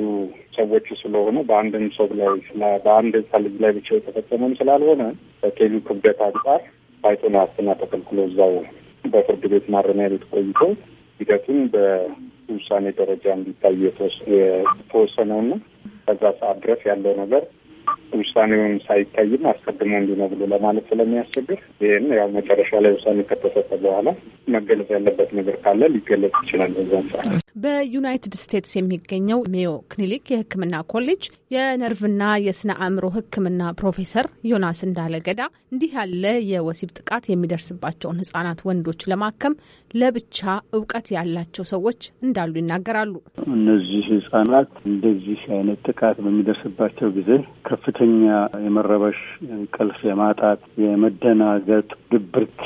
ሰዎች ስለሆነ በአንድም ሰው ላይ በአንድ ህፃን ልጅ ላይ ብቻ የተፈጸመም ስላልሆነ ከኬሉ ክብደት አንጻር ባይቶን ዋስትና ተከልክሎ እዛው በፍርድ ቤት ማረሚያ ቤት ቆይቶ ሂደቱን በውሳኔ ደረጃ እንዲታይ የተወሰነውና በዛ ሰዓት ድረስ ያለው ነገር ውሳኔውን ሳይታይም አስቀድሞ እንዲህ ነው ብሎ ለማለት ስለሚያስቸግር ይህን ያው መጨረሻ ላይ ውሳኔ ከተሰጠ በኋላ መገለጽ ያለበት ነገር ካለ ሊገለጽ ይችላል። በዛን በዩናይትድ ስቴትስ የሚገኘው ሜዮ ክሊኒክ የሕክምና ኮሌጅ የነርቭና የስነ አእምሮ ሕክምና ፕሮፌሰር ዮናስ እንዳለ ገዳ እንዲህ ያለ የወሲብ ጥቃት የሚደርስባቸውን ህጻናት ወንዶች ለማከም ለብቻ እውቀት ያላቸው ሰዎች እንዳሉ ይናገራሉ። እነዚህ ህጻናት እንደዚህ አይነት ጥቃት በሚደርስባቸው ጊዜ ከፍተኛ የመረበሽ፣ እንቅልፍ የማጣት፣ የመደናገጥ፣ ድብርት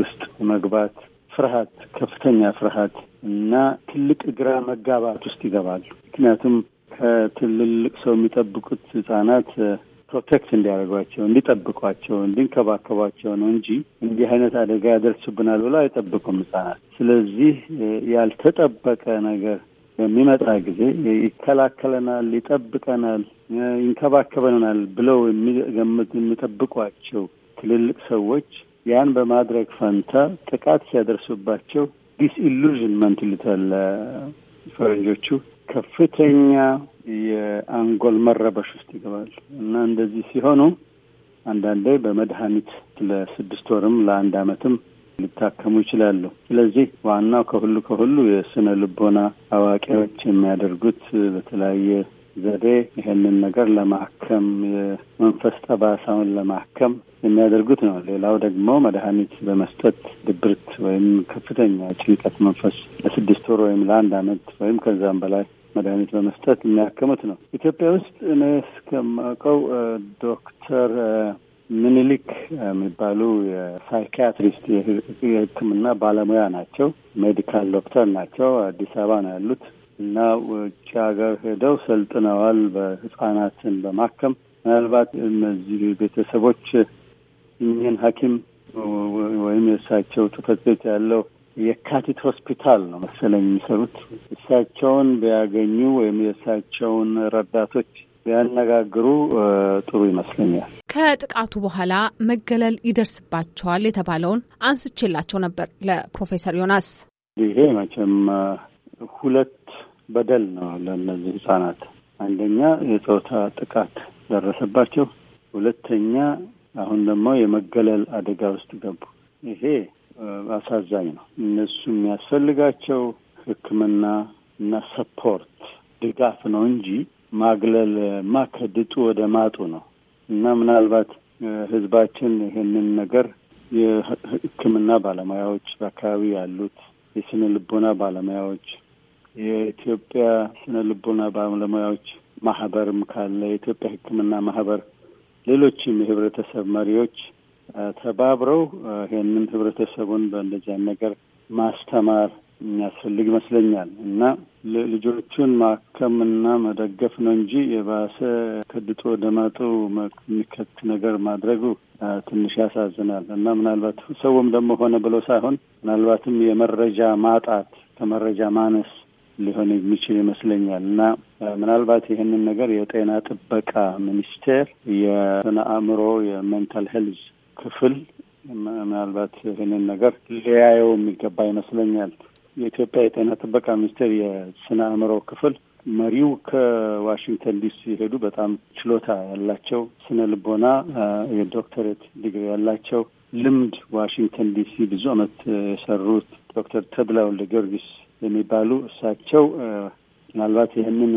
ውስጥ መግባት፣ ፍርሃት፣ ከፍተኛ ፍርሃት እና ትልቅ ግራ መጋባት ውስጥ ይገባሉ። ምክንያቱም ከትልልቅ ሰው የሚጠብቁት ህጻናት ፕሮቴክት እንዲያደርጓቸው እንዲጠብቋቸው እንዲንከባከቧቸው ነው እንጂ እንዲህ አይነት አደጋ ያደርሱብናል ብሎ አይጠብቁም ህጻናት። ስለዚህ ያልተጠበቀ ነገር በሚመጣ ጊዜ ይከላከለናል፣ ይጠብቀናል፣ ይንከባከበናል ብለው የሚገምት የሚጠብቋቸው ትልልቅ ሰዎች ያን በማድረግ ፈንታ ጥቃት ሲያደርሱባቸው ዲስኢሉዥንመንት ይሉታል ፈረንጆቹ። ከፍተኛ የአንጎል መረበሽ ውስጥ ይገባል እና እንደዚህ ሲሆኑ አንዳንዴ በመድኃኒት ለስድስት ወርም ለአንድ ዓመትም ሊታከሙ ይችላሉ። ስለዚህ ዋናው ከሁሉ ከሁሉ የስነ ልቦና አዋቂዎች የሚያደርጉት በተለያየ ዘዴ ይህንን ነገር ለማከም የመንፈስ ጠባሳውን ለማከም የሚያደርጉት ነው። ሌላው ደግሞ መድኃኒት በመስጠት ድብርት ወይም ከፍተኛ ጭንቀት መንፈስ ለስድስት ወር ወይም ለአንድ አመት ወይም ከዛም በላይ መድኃኒት በመስጠት የሚያከሙት ነው። ኢትዮጵያ ውስጥ እኔ እስከማውቀው ዶክተር ምኒልክ የሚባሉ የሳይኪያትሪስት የሕክምና ባለሙያ ናቸው። ሜዲካል ዶክተር ናቸው። አዲስ አበባ ነው ያሉት እና ውጭ ሀገር ሄደው ሰልጥነዋል። በህጻናትን በማከም ምናልባት እነዚህ ቤተሰቦች እኚህን ሐኪም ወይም የእሳቸው ጽሕፈት ቤት ያለው የካቲት ሆስፒታል ነው መሰለኝ የሚሰሩት። እሳቸውን ቢያገኙ ወይም የእሳቸውን ረዳቶች ቢያነጋግሩ ጥሩ ይመስለኛል። ከጥቃቱ በኋላ መገለል ይደርስባቸዋል የተባለውን አንስቼላቸው ነበር ለፕሮፌሰር ዮናስ። ይሄ መቼም ሁለት በደል ነው ለእነዚህ ህጻናት። አንደኛ የጾታ ጥቃት ደረሰባቸው፣ ሁለተኛ አሁን ደግሞ የመገለል አደጋ ውስጥ ገቡ። ይሄ አሳዛኝ ነው። እነሱ የሚያስፈልጋቸው ሕክምና እና ሰፖርት ድጋፍ ነው እንጂ ማግለል ማከድጡ ወደ ማጡ ነው። እና ምናልባት ህዝባችን ይህንን ነገር የህክምና ባለሙያዎች በአካባቢ ያሉት የስነ ልቦና ባለሙያዎች የኢትዮጵያ ስነ ልቦና ባለሙያዎች ማህበርም ካለ የኢትዮጵያ ህክምና ማህበር፣ ሌሎችም የህብረተሰብ መሪዎች ተባብረው ይህንን ህብረተሰቡን በእንደዚያን ነገር ማስተማር የሚያስፈልግ ይመስለኛል እና ልጆቹን ማከምና መደገፍ ነው እንጂ የባሰ ከድጦ ደመጡ የሚከት ነገር ማድረጉ ትንሽ ያሳዝናል እና ምናልባት ሰውም ደግሞ ሆነ ብሎ ሳይሆን ምናልባትም የመረጃ ማጣት ከመረጃ ማነስ ሊሆን የሚችል ይመስለኛል እና ምናልባት ይህንን ነገር የጤና ጥበቃ ሚኒስቴር የስነ አእምሮ የሜንታል ሄልዝ ክፍል ምናልባት ይህንን ነገር ሊያየው የሚገባ ይመስለኛል። የኢትዮጵያ የጤና ጥበቃ ሚኒስቴር የስነ አእምሮ ክፍል መሪው ከዋሽንግተን ዲሲ ሲሄዱ በጣም ችሎታ ያላቸው ስነ ልቦና የዶክተሬት ዲግሪ ያላቸው ልምድ ዋሽንግተን ዲሲ ብዙ ዓመት የሰሩት ዶክተር ተድላ ወልደ ጊዮርጊስ የሚባሉ እሳቸው ምናልባት ይህንን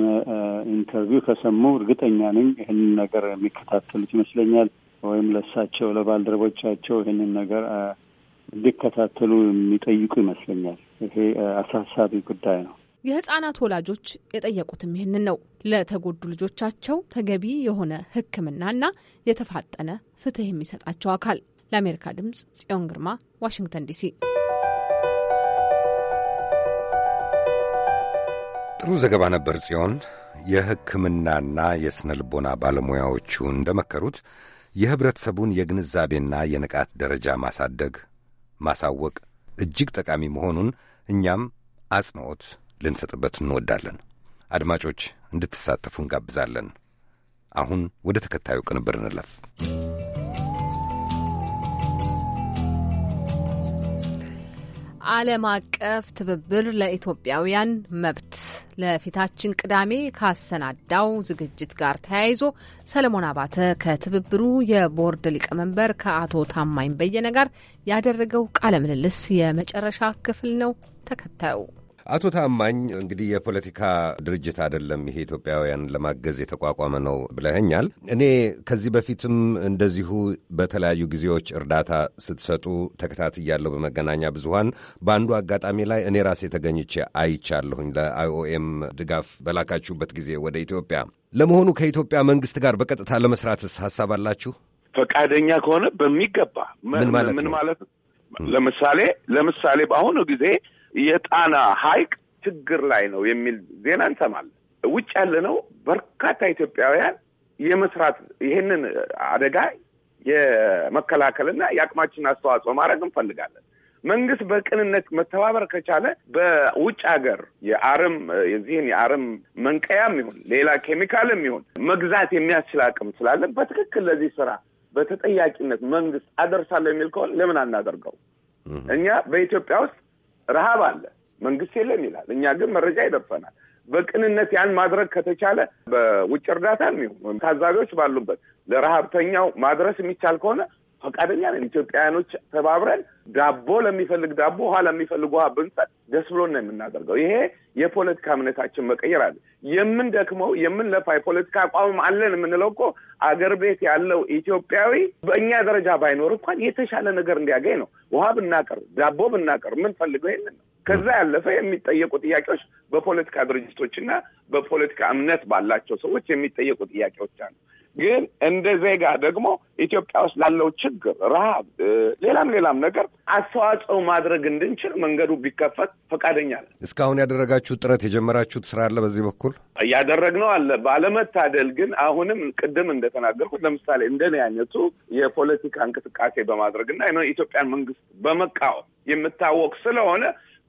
ኢንተርቪው ከሰሙ እርግጠኛ ነኝ ይህንን ነገር የሚከታተሉት ይመስለኛል። ወይም ለእሳቸው ለባልደረቦቻቸው ይህንን ነገር እንዲከታተሉ የሚጠይቁ ይመስለኛል። ይሄ አሳሳቢ ጉዳይ ነው። የህጻናት ወላጆች የጠየቁትም ይህንን ነው። ለተጎዱ ልጆቻቸው ተገቢ የሆነ ሕክምናና የተፋጠነ ፍትህ የሚሰጣቸው አካል። ለአሜሪካ ድምጽ ጽዮን ግርማ፣ ዋሽንግተን ዲሲ። ጥሩ ዘገባ ነበር ጽዮን። የሕክምናና የሥነ ልቦና ባለሙያዎቹ እንደመከሩት የህብረተሰቡን የግንዛቤና የንቃት ደረጃ ማሳደግ ማሳወቅ እጅግ ጠቃሚ መሆኑን እኛም አጽንኦት ልንሰጥበት እንወዳለን። አድማጮች እንድትሳተፉ እንጋብዛለን። አሁን ወደ ተከታዩ ቅንብር እንለፍ። ዓለም አቀፍ ትብብር ለኢትዮጵያውያን መብት ለፊታችን ቅዳሜ ካሰናዳው ዝግጅት ጋር ተያይዞ ሰለሞን አባተ ከትብብሩ የቦርድ ሊቀመንበር ከአቶ ታማኝ በየነ ጋር ያደረገው ቃለ ምልልስ የመጨረሻ ክፍል ነው። ተከታዩ አቶ ታማኝ እንግዲህ የፖለቲካ ድርጅት አይደለም ይሄ ኢትዮጵያውያን ለማገዝ የተቋቋመ ነው ብለኸኛል። እኔ ከዚህ በፊትም እንደዚሁ በተለያዩ ጊዜዎች እርዳታ ስትሰጡ ተከታትያለሁ በመገናኛ ብዙኃን። በአንዱ አጋጣሚ ላይ እኔ ራሴ ተገኝቼ አይቻለሁኝ ለአይኦኤም ድጋፍ በላካችሁበት ጊዜ ወደ ኢትዮጵያ። ለመሆኑ ከኢትዮጵያ መንግስት ጋር በቀጥታ ለመስራትስ ሀሳብ አላችሁ? ፈቃደኛ ከሆነ በሚገባ ምን ማለት ነው? ለምሳሌ ለምሳሌ በአሁኑ ጊዜ የጣና ሐይቅ ችግር ላይ ነው የሚል ዜና እንሰማለን። ውጭ ያለ ነው በርካታ ኢትዮጵያውያን የመስራት ይህንን አደጋ የመከላከልና የአቅማችን አስተዋጽኦ ማድረግ እንፈልጋለን። መንግስት በቅንነት መተባበር ከቻለ በውጭ ሀገር የአረም የዚህን የአረም መንቀያም ይሁን ሌላ ኬሚካልም ይሁን መግዛት የሚያስችል አቅም ስላለ በትክክል ለዚህ ስራ በተጠያቂነት መንግስት አደርሳለሁ የሚል ከሆነ ለምን አናደርገው? እኛ በኢትዮጵያ ውስጥ ረሃብ አለ፣ መንግስት የለም ይላል። እኛ ግን መረጃ ይደርሰናል። በቅንነት ያን ማድረግ ከተቻለ በውጭ እርዳታ ታዛቢዎች ባሉበት ለረሃብተኛው ማድረስ የሚቻል ከሆነ ፈቃደኛ ነን። ኢትዮጵያውያኖች ተባብረን ዳቦ ለሚፈልግ ዳቦ፣ ውሃ ለሚፈልግ ውሃ ብንሰጥ ደስ ብሎን ነው የምናደርገው። ይሄ የፖለቲካ እምነታችን መቀየር አለ። የምንደክመው የምንለፋ የፖለቲካ አቋምም አለን የምንለው እኮ አገር ቤት ያለው ኢትዮጵያዊ በእኛ ደረጃ ባይኖር እንኳን የተሻለ ነገር እንዲያገኝ ነው። ውሃ ብናቀር፣ ዳቦ ብናቀር የምንፈልገው ይህንን ነው። ከዛ ያለፈ የሚጠየቁ ጥያቄዎች በፖለቲካ ድርጅቶችና በፖለቲካ እምነት ባላቸው ሰዎች የሚጠየቁ ጥያቄዎች አሉ። ግን እንደ ዜጋ ደግሞ ኢትዮጵያ ውስጥ ላለው ችግር፣ ረሃብ፣ ሌላም ሌላም ነገር አስተዋጽኦ ማድረግ እንድንችል መንገዱ ቢከፈት ፈቃደኛ ነን። እስካሁን ያደረጋችሁት ጥረት የጀመራችሁት ስራ አለ በዚህ በኩል እያደረግነው አለ። ባለመታደል ግን አሁንም ቅድም እንደተናገርኩት ለምሳሌ እንደኔ አይነቱ የፖለቲካ እንቅስቃሴ በማድረግ እና ኢትዮጵያን መንግስት በመቃወም የምታወቅ ስለሆነ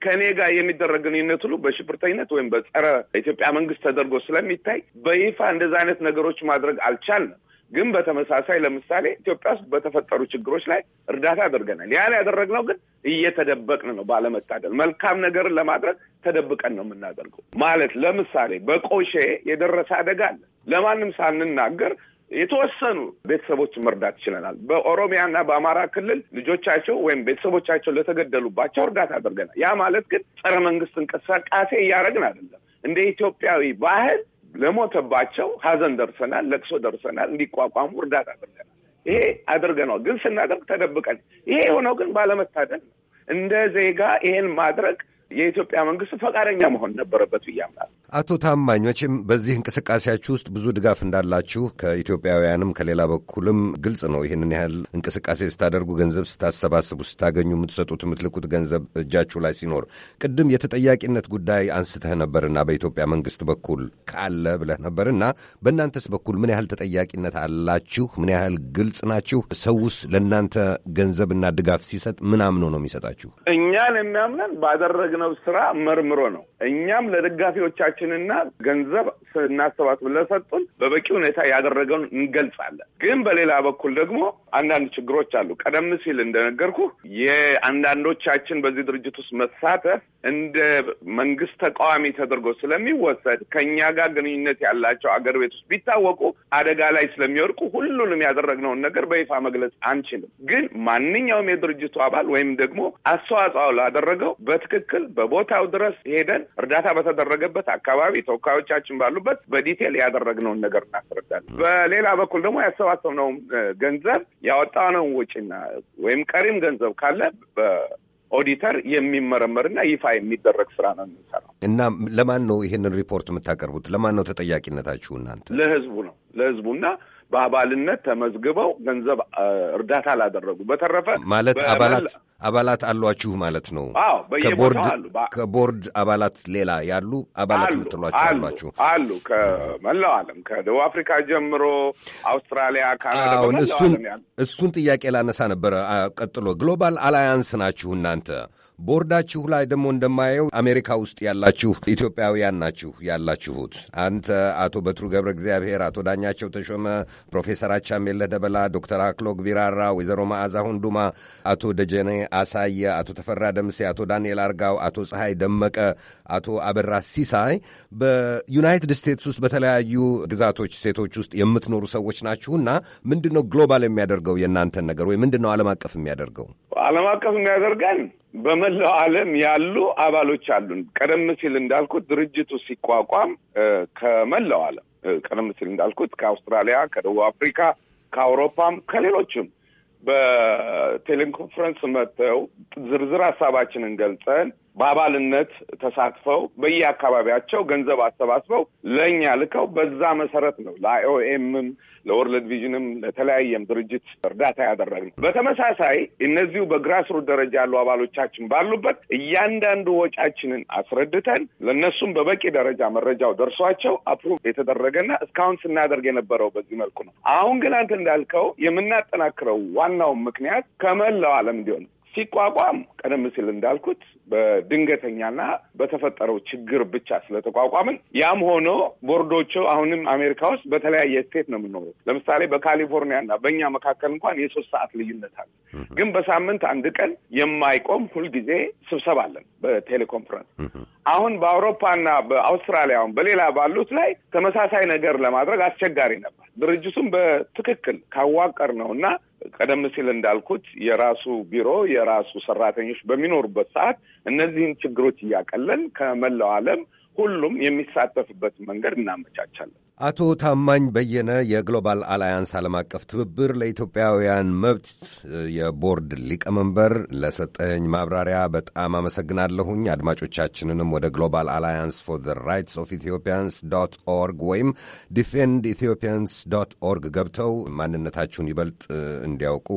ከእኔ ጋር የሚደረግ ግንኙነት ሁሉ በሽብርተኝነት ወይም በጸረ ኢትዮጵያ መንግስት ተደርጎ ስለሚታይ በይፋ እንደዛ አይነት ነገሮች ማድረግ አልቻልንም። ግን በተመሳሳይ ለምሳሌ ኢትዮጵያ ውስጥ በተፈጠሩ ችግሮች ላይ እርዳታ አድርገናል። ያን ያደረግነው ግን እየተደበቅን ነው። ባለመታደል መልካም ነገርን ለማድረግ ተደብቀን ነው የምናደርገው። ማለት ለምሳሌ በቆሼ የደረሰ አደጋ አለ። ለማንም ሳንናገር የተወሰኑ ቤተሰቦችን መርዳት ችለናል። በኦሮሚያና በአማራ ክልል ልጆቻቸው ወይም ቤተሰቦቻቸው ለተገደሉባቸው እርዳታ አድርገናል። ያ ማለት ግን ጸረ መንግስት እንቅስቃሴ እያደረግን አይደለም። እንደ ኢትዮጵያዊ ባህል ለሞተባቸው ሀዘን ደርሰናል፣ ለቅሶ ደርሰናል፣ እንዲቋቋሙ እርዳታ አድርገናል። ይሄ አድርገነዋል፣ ግን ስናደርግ ተደብቀን፣ ይሄ የሆነው ግን ባለመታደል ነው። እንደ ዜጋ ይሄን ማድረግ የኢትዮጵያ መንግስት ፈቃደኛ መሆን ነበረበት ብዬ አምናለሁ። አቶ ታማኝ መቼም በዚህ እንቅስቃሴያችሁ ውስጥ ብዙ ድጋፍ እንዳላችሁ ከኢትዮጵያውያንም ከሌላ በኩልም ግልጽ ነው። ይህንን ያህል እንቅስቃሴ ስታደርጉ፣ ገንዘብ ስታሰባስቡ፣ ስታገኙ፣ የምትሰጡት የምትልኩት ገንዘብ እጃችሁ ላይ ሲኖር፣ ቅድም የተጠያቂነት ጉዳይ አንስተህ ነበርና በኢትዮጵያ መንግስት በኩል ካለ ብለህ ነበርና በእናንተስ በኩል ምን ያህል ተጠያቂነት አላችሁ? ምን ያህል ግልጽ ናችሁ? ሰውስ ለእናንተ ገንዘብና ድጋፍ ሲሰጥ ምን አምኖ ነው የሚሰጣችሁ? እኛን የሚያምነን ባደረግነው የሆነው ስራ መርምሮ ነው። እኛም ለደጋፊዎቻችንና ገንዘብ ስናሰባስብ ብለሰጡን በበቂ ሁኔታ ያደረገውን እንገልጻለን። ግን በሌላ በኩል ደግሞ አንዳንድ ችግሮች አሉ። ቀደም ሲል እንደነገርኩ የአንዳንዶቻችን በዚህ ድርጅት ውስጥ መሳተፍ እንደ መንግስት ተቃዋሚ ተደርጎ ስለሚወሰድ ከእኛ ጋር ግንኙነት ያላቸው አገር ቤት ውስጥ ቢታወቁ አደጋ ላይ ስለሚወድቁ ሁሉንም ያደረግነውን ነገር በይፋ መግለጽ አንችልም። ግን ማንኛውም የድርጅቱ አባል ወይም ደግሞ አስተዋጽኦ ላደረገው በትክክል በቦታው ድረስ ሄደን እርዳታ በተደረገበት አካባቢ ተወካዮቻችን ባሉበት በዲቴል ያደረግነውን ነገር እናስረዳለን። በሌላ በኩል ደግሞ ያሰባሰብነውን ገንዘብ ያወጣነውን ወጪና ወይም ቀሪም ገንዘብ ካለ ኦዲተር የሚመረመርና ይፋ የሚደረግ ስራ ነው የምንሰራው። እና ለማን ነው ይህንን ሪፖርት የምታቀርቡት? ለማን ነው ተጠያቂነታችሁ እናንተ? ለህዝቡ ነው ለህዝቡና በአባልነት ተመዝግበው ገንዘብ እርዳታ ላደረጉ በተረፈ ማለት አባላት አባላት አሏችሁ ማለት ነው? ከቦርድ አባላት ሌላ ያሉ አባላት የምትሏቸው አሏችሁ? አሉ። ከመላው ዓለም ከደቡብ አፍሪካ ጀምሮ አውስትራሊያ፣ ካናዳ፣ እሱን ጥያቄ ላነሳ ነበረ። ቀጥሎ ግሎባል አላያንስ ናችሁ እናንተ ቦርዳችሁ ላይ ደግሞ እንደማየው አሜሪካ ውስጥ ያላችሁ ኢትዮጵያውያን ናችሁ ያላችሁት። አንተ አቶ በትሩ ገብረ እግዚአብሔር፣ አቶ ዳኛቸው ተሾመ፣ ፕሮፌሰር አቻሜለህ ደበላ፣ ዶክተር አክሎግ ቢራራ፣ ወይዘሮ መዓዛ ሁንዱማ፣ አቶ ደጀኔ አሳየ፣ አቶ ተፈራ ደምሴ፣ አቶ ዳንኤል አርጋው፣ አቶ ፀሐይ ደመቀ፣ አቶ አበራ ሲሳይ በዩናይትድ ስቴትስ ውስጥ በተለያዩ ግዛቶች ሴቶች ውስጥ የምትኖሩ ሰዎች ናችሁና ምንድን ነው ግሎባል የሚያደርገው የእናንተን ነገር ወይ ምንድን ነው ዓለም አቀፍ የሚያደርገው? ዓለም አቀፍ የሚያደርገን በመላው ዓለም ያሉ አባሎች አሉን። ቀደም ሲል እንዳልኩት ድርጅቱ ሲቋቋም ከመላው ዓለም ቀደም ሲል እንዳልኩት ከአውስትራሊያ፣ ከደቡብ አፍሪካ፣ ከአውሮፓም ከሌሎችም በቴሌኮንፈረንስ መጥተው ዝርዝር ሀሳባችንን ገልጸን በአባልነት ተሳትፈው በየአካባቢያቸው ገንዘብ አሰባስበው ለእኛ ልከው በዛ መሰረት ነው ለአይኦኤምም ለወርልድ ቪዥንም ለተለያየም ድርጅት እርዳታ ያደረግነው። በተመሳሳይ እነዚሁ በግራስሩት ደረጃ ያሉ አባሎቻችን ባሉበት እያንዳንዱ ወጫችንን አስረድተን ለእነሱም በበቂ ደረጃ መረጃው ደርሷቸው አፕሩቭ የተደረገና እስካሁን ስናደርግ የነበረው በዚህ መልኩ ነው። አሁን ግን አንተ እንዳልከው የምናጠናክረው ዋናውን ምክንያት ከመላው ዓለም እንዲሆን ሲቋቋም ቀደም ሲል እንዳልኩት በድንገተኛና በተፈጠረው ችግር ብቻ ስለተቋቋምን፣ ያም ሆኖ ቦርዶቹ አሁንም አሜሪካ ውስጥ በተለያየ ስቴት ነው የምንኖረው። ለምሳሌ በካሊፎርኒያና በእኛ መካከል እንኳን የሶስት ሰዓት ልዩነት አለ። ግን በሳምንት አንድ ቀን የማይቆም ሁልጊዜ ስብሰባ አለን በቴሌኮንፈረንስ። አሁን በአውሮፓና በአውስትራሊያውን በሌላ ባሉት ላይ ተመሳሳይ ነገር ለማድረግ አስቸጋሪ ነበር። ድርጅቱም በትክክል ካዋቀር ነው እና ቀደም ሲል እንዳልኩት የራሱ ቢሮ የራሱ ሰራተኞች በሚኖሩበት ሰዓት እነዚህን ችግሮች እያቀለን ከመላው ዓለም ሁሉም የሚሳተፍበት መንገድ እናመቻቻለን። አቶ ታማኝ በየነ የግሎባል አላያንስ ዓለም አቀፍ ትብብር ለኢትዮጵያውያን መብት የቦርድ ሊቀመንበር ለሰጠኝ ማብራሪያ በጣም አመሰግናለሁኝ። አድማጮቻችንንም ወደ ግሎባል አላያንስ ፎር ዘ ራይትስ ኦፍ ኢትዮጵያንስ ዶት ኦርግ ወይም ዲፌንድ ኢትዮጵያንስ ዶት ኦርግ ገብተው ማንነታችሁን ይበልጥ እንዲያውቁ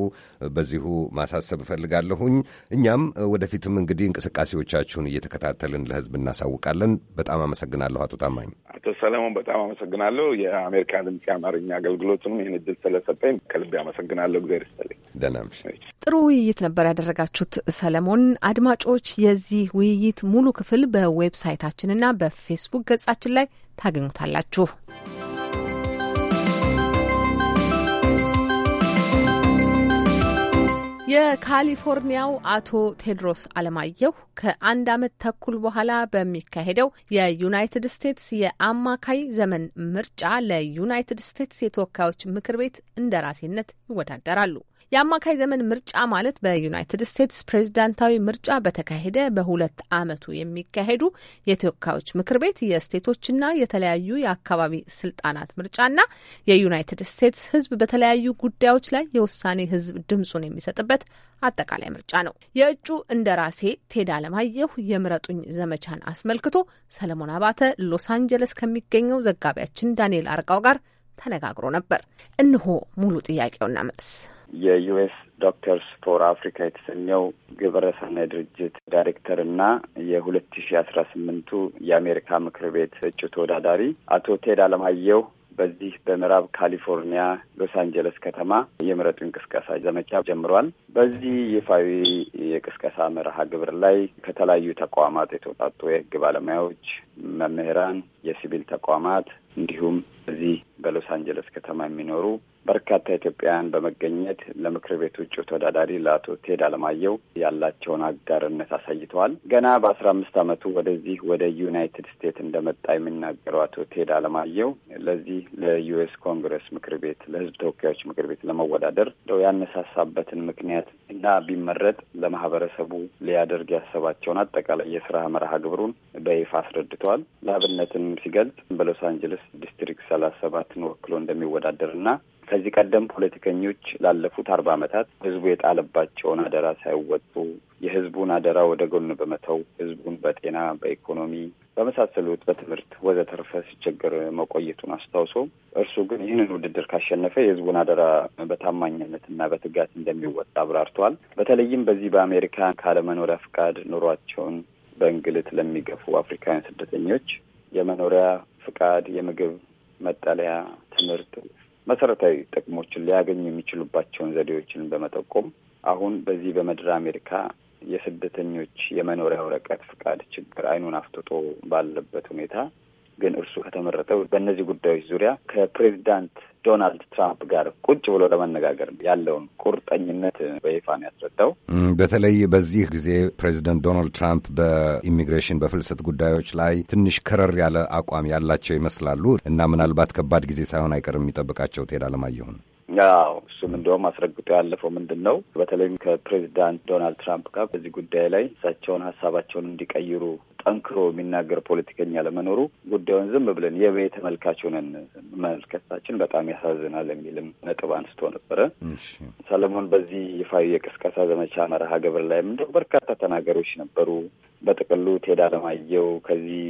በዚሁ ማሳሰብ እፈልጋለሁኝ። እኛም ወደፊትም እንግዲህ እንቅስቃሴዎቻችሁን እየተከታተልን ለህዝብ እናሳውቃለን። በጣም አመሰግናለሁ አቶ ታማኝ። አቶ ሰለሞን በጣም አመሰግናለሁ። አመሰግናለሁ። የአሜሪካ ድምፅ የአማርኛ አገልግሎትንም ይህን እድል ስለሰጠኝ ከልቤ አመሰግናለሁ። እግዚአብሔር ይስጥልኝ። ደህና ጥሩ ውይይት ነበር ያደረጋችሁት ሰለሞን። አድማጮች፣ የዚህ ውይይት ሙሉ ክፍል በዌብሳይታችንና በፌስቡክ ገጻችን ላይ ታገኙታላችሁ። የካሊፎርኒያው አቶ ቴድሮስ አለማየሁ ከአንድ ዓመት ተኩል በኋላ በሚካሄደው የዩናይትድ ስቴትስ የአማካይ ዘመን ምርጫ ለዩናይትድ ስቴትስ የተወካዮች ምክር ቤት እንደራሴነት ይወዳደራሉ። የአማካይ ዘመን ምርጫ ማለት በዩናይትድ ስቴትስ ፕሬዚዳንታዊ ምርጫ በተካሄደ በሁለት ዓመቱ የሚካሄዱ የተወካዮች ምክር ቤት የስቴቶችና የተለያዩ የአካባቢ ስልጣናት ምርጫና የዩናይትድ ስቴትስ ሕዝብ በተለያዩ ጉዳዮች ላይ የውሳኔ ሕዝብ ድምጹን የሚሰጥበት አጠቃላይ ምርጫ ነው። የእጩ እንደራሴ ቴዳ አለማየሁ የምረጡኝ ዘመቻን አስመልክቶ ሰለሞን አባተ ሎስ አንጀለስ ከሚገኘው ዘጋቢያችን ዳንኤል አርጋው ጋር ተነጋግሮ ነበር። እንሆ ሙሉ ጥያቄውና መልስ የዩኤስ ዶክተርስ ፎር አፍሪካ የተሰኘው ግብረሰናይ ድርጅት ዳይሬክተር እና የሁለት ሺ አስራ ስምንቱ የአሜሪካ ምክር ቤት እጩ ተወዳዳሪ አቶ ቴድ አለማየሁ በዚህ በምዕራብ ካሊፎርኒያ ሎስ አንጀለስ ከተማ የምረጡኝ ቅስቀሳ ዘመቻ ጀምሯል። በዚህ ይፋዊ የቅስቀሳ መርሃ ግብር ላይ ከተለያዩ ተቋማት የተውጣጡ የሕግ ባለሙያዎች፣ መምህራን፣ የሲቪል ተቋማት እንዲሁም እዚህ በሎስ አንጀለስ ከተማ የሚኖሩ በርካታ ኢትዮጵያውያን በመገኘት ለምክር ቤት ውጭ ተወዳዳሪ ለአቶ ቴድ አለማየሁ ያላቸውን አጋርነት አሳይተዋል። ገና በአስራ አምስት ዓመቱ ወደዚህ ወደ ዩናይትድ ስቴትስ እንደመጣ የሚናገረው አቶ ቴድ አለማየሁ ለዚህ ለዩኤስ ኮንግረስ ምክር ቤት ለህዝብ ተወካዮች ምክር ቤት ለመወዳደር እንደው ያነሳሳበትን ምክንያት እና ቢመረጥ ለማህበረሰቡ ሊያደርግ ያሰባቸውን አጠቃላይ የስራ መርሃ ግብሩን በይፋ አስረድተዋል። ለአብነትም ሲገልጽ በሎስ አንጀለስ ዲስትሪክት ሰላሳ ሰባትን ወክሎ እንደሚወዳደር እና ከዚህ ቀደም ፖለቲከኞች ላለፉት አርባ ዓመታት ህዝቡ የጣለባቸውን አደራ ሳይወጡ የህዝቡን አደራ ወደ ጎን በመተው ህዝቡን በጤና፣ በኢኮኖሚ፣ በመሳሰሉት በትምህርት ወዘተርፈ ሲቸገር መቆየቱን አስታውሶ እርሱ ግን ይህንን ውድድር ካሸነፈ የህዝቡን አደራ በታማኝነትና በትጋት እንደሚወጣ አብራርተዋል። በተለይም በዚህ በአሜሪካ ካለመኖሪያ ፍቃድ ኑሯቸውን በእንግልት ለሚገፉ አፍሪካውያን ስደተኞች የመኖሪያ ፍቃድ፣ የምግብ መጠለያ፣ ትምህርት መሰረታዊ ጥቅሞችን ሊያገኙ የሚችሉባቸውን ዘዴዎችን በመጠቆም አሁን በዚህ በምድር አሜሪካ የስደተኞች የመኖሪያ ወረቀት ፍቃድ ችግር አይኑን አፍጥጦ ባለበት ሁኔታ ግን እርሱ ከተመረጠው በእነዚህ ጉዳዮች ዙሪያ ከፕሬዚዳንት ዶናልድ ትራምፕ ጋር ቁጭ ብሎ ለመነጋገር ያለውን ቁርጠኝነት በይፋ ነው ያስረዳው። በተለይ በዚህ ጊዜ ፕሬዚደንት ዶናልድ ትራምፕ በኢሚግሬሽን በፍልሰት ጉዳዮች ላይ ትንሽ ከረር ያለ አቋም ያላቸው ይመስላሉ እና ምናልባት ከባድ ጊዜ ሳይሆን አይቀርም የሚጠብቃቸው ትሄዳ ለማየሁን ያው እሱም እንዲሁም አስረግጦ ያለፈው ምንድን ነው በተለይም ከፕሬዚዳንት ዶናልድ ትራምፕ ጋር በዚህ ጉዳይ ላይ እሳቸውን ሀሳባቸውን እንዲቀይሩ ጠንክሮ የሚናገር ፖለቲከኛ ለመኖሩ ጉዳዩን ዝም ብለን የበይ ተመልካችንን መመልከታችን በጣም ያሳዝናል የሚልም ነጥብ አንስቶ ነበረ። ሰለሞን በዚህ ይፋዊ የቅስቀሳ ዘመቻ መርሃ ግብር ላይ ምንደ በርካታ ተናጋሪዎች ነበሩ። በጥቅሉ ቴድ አለማየሁ ከዚህ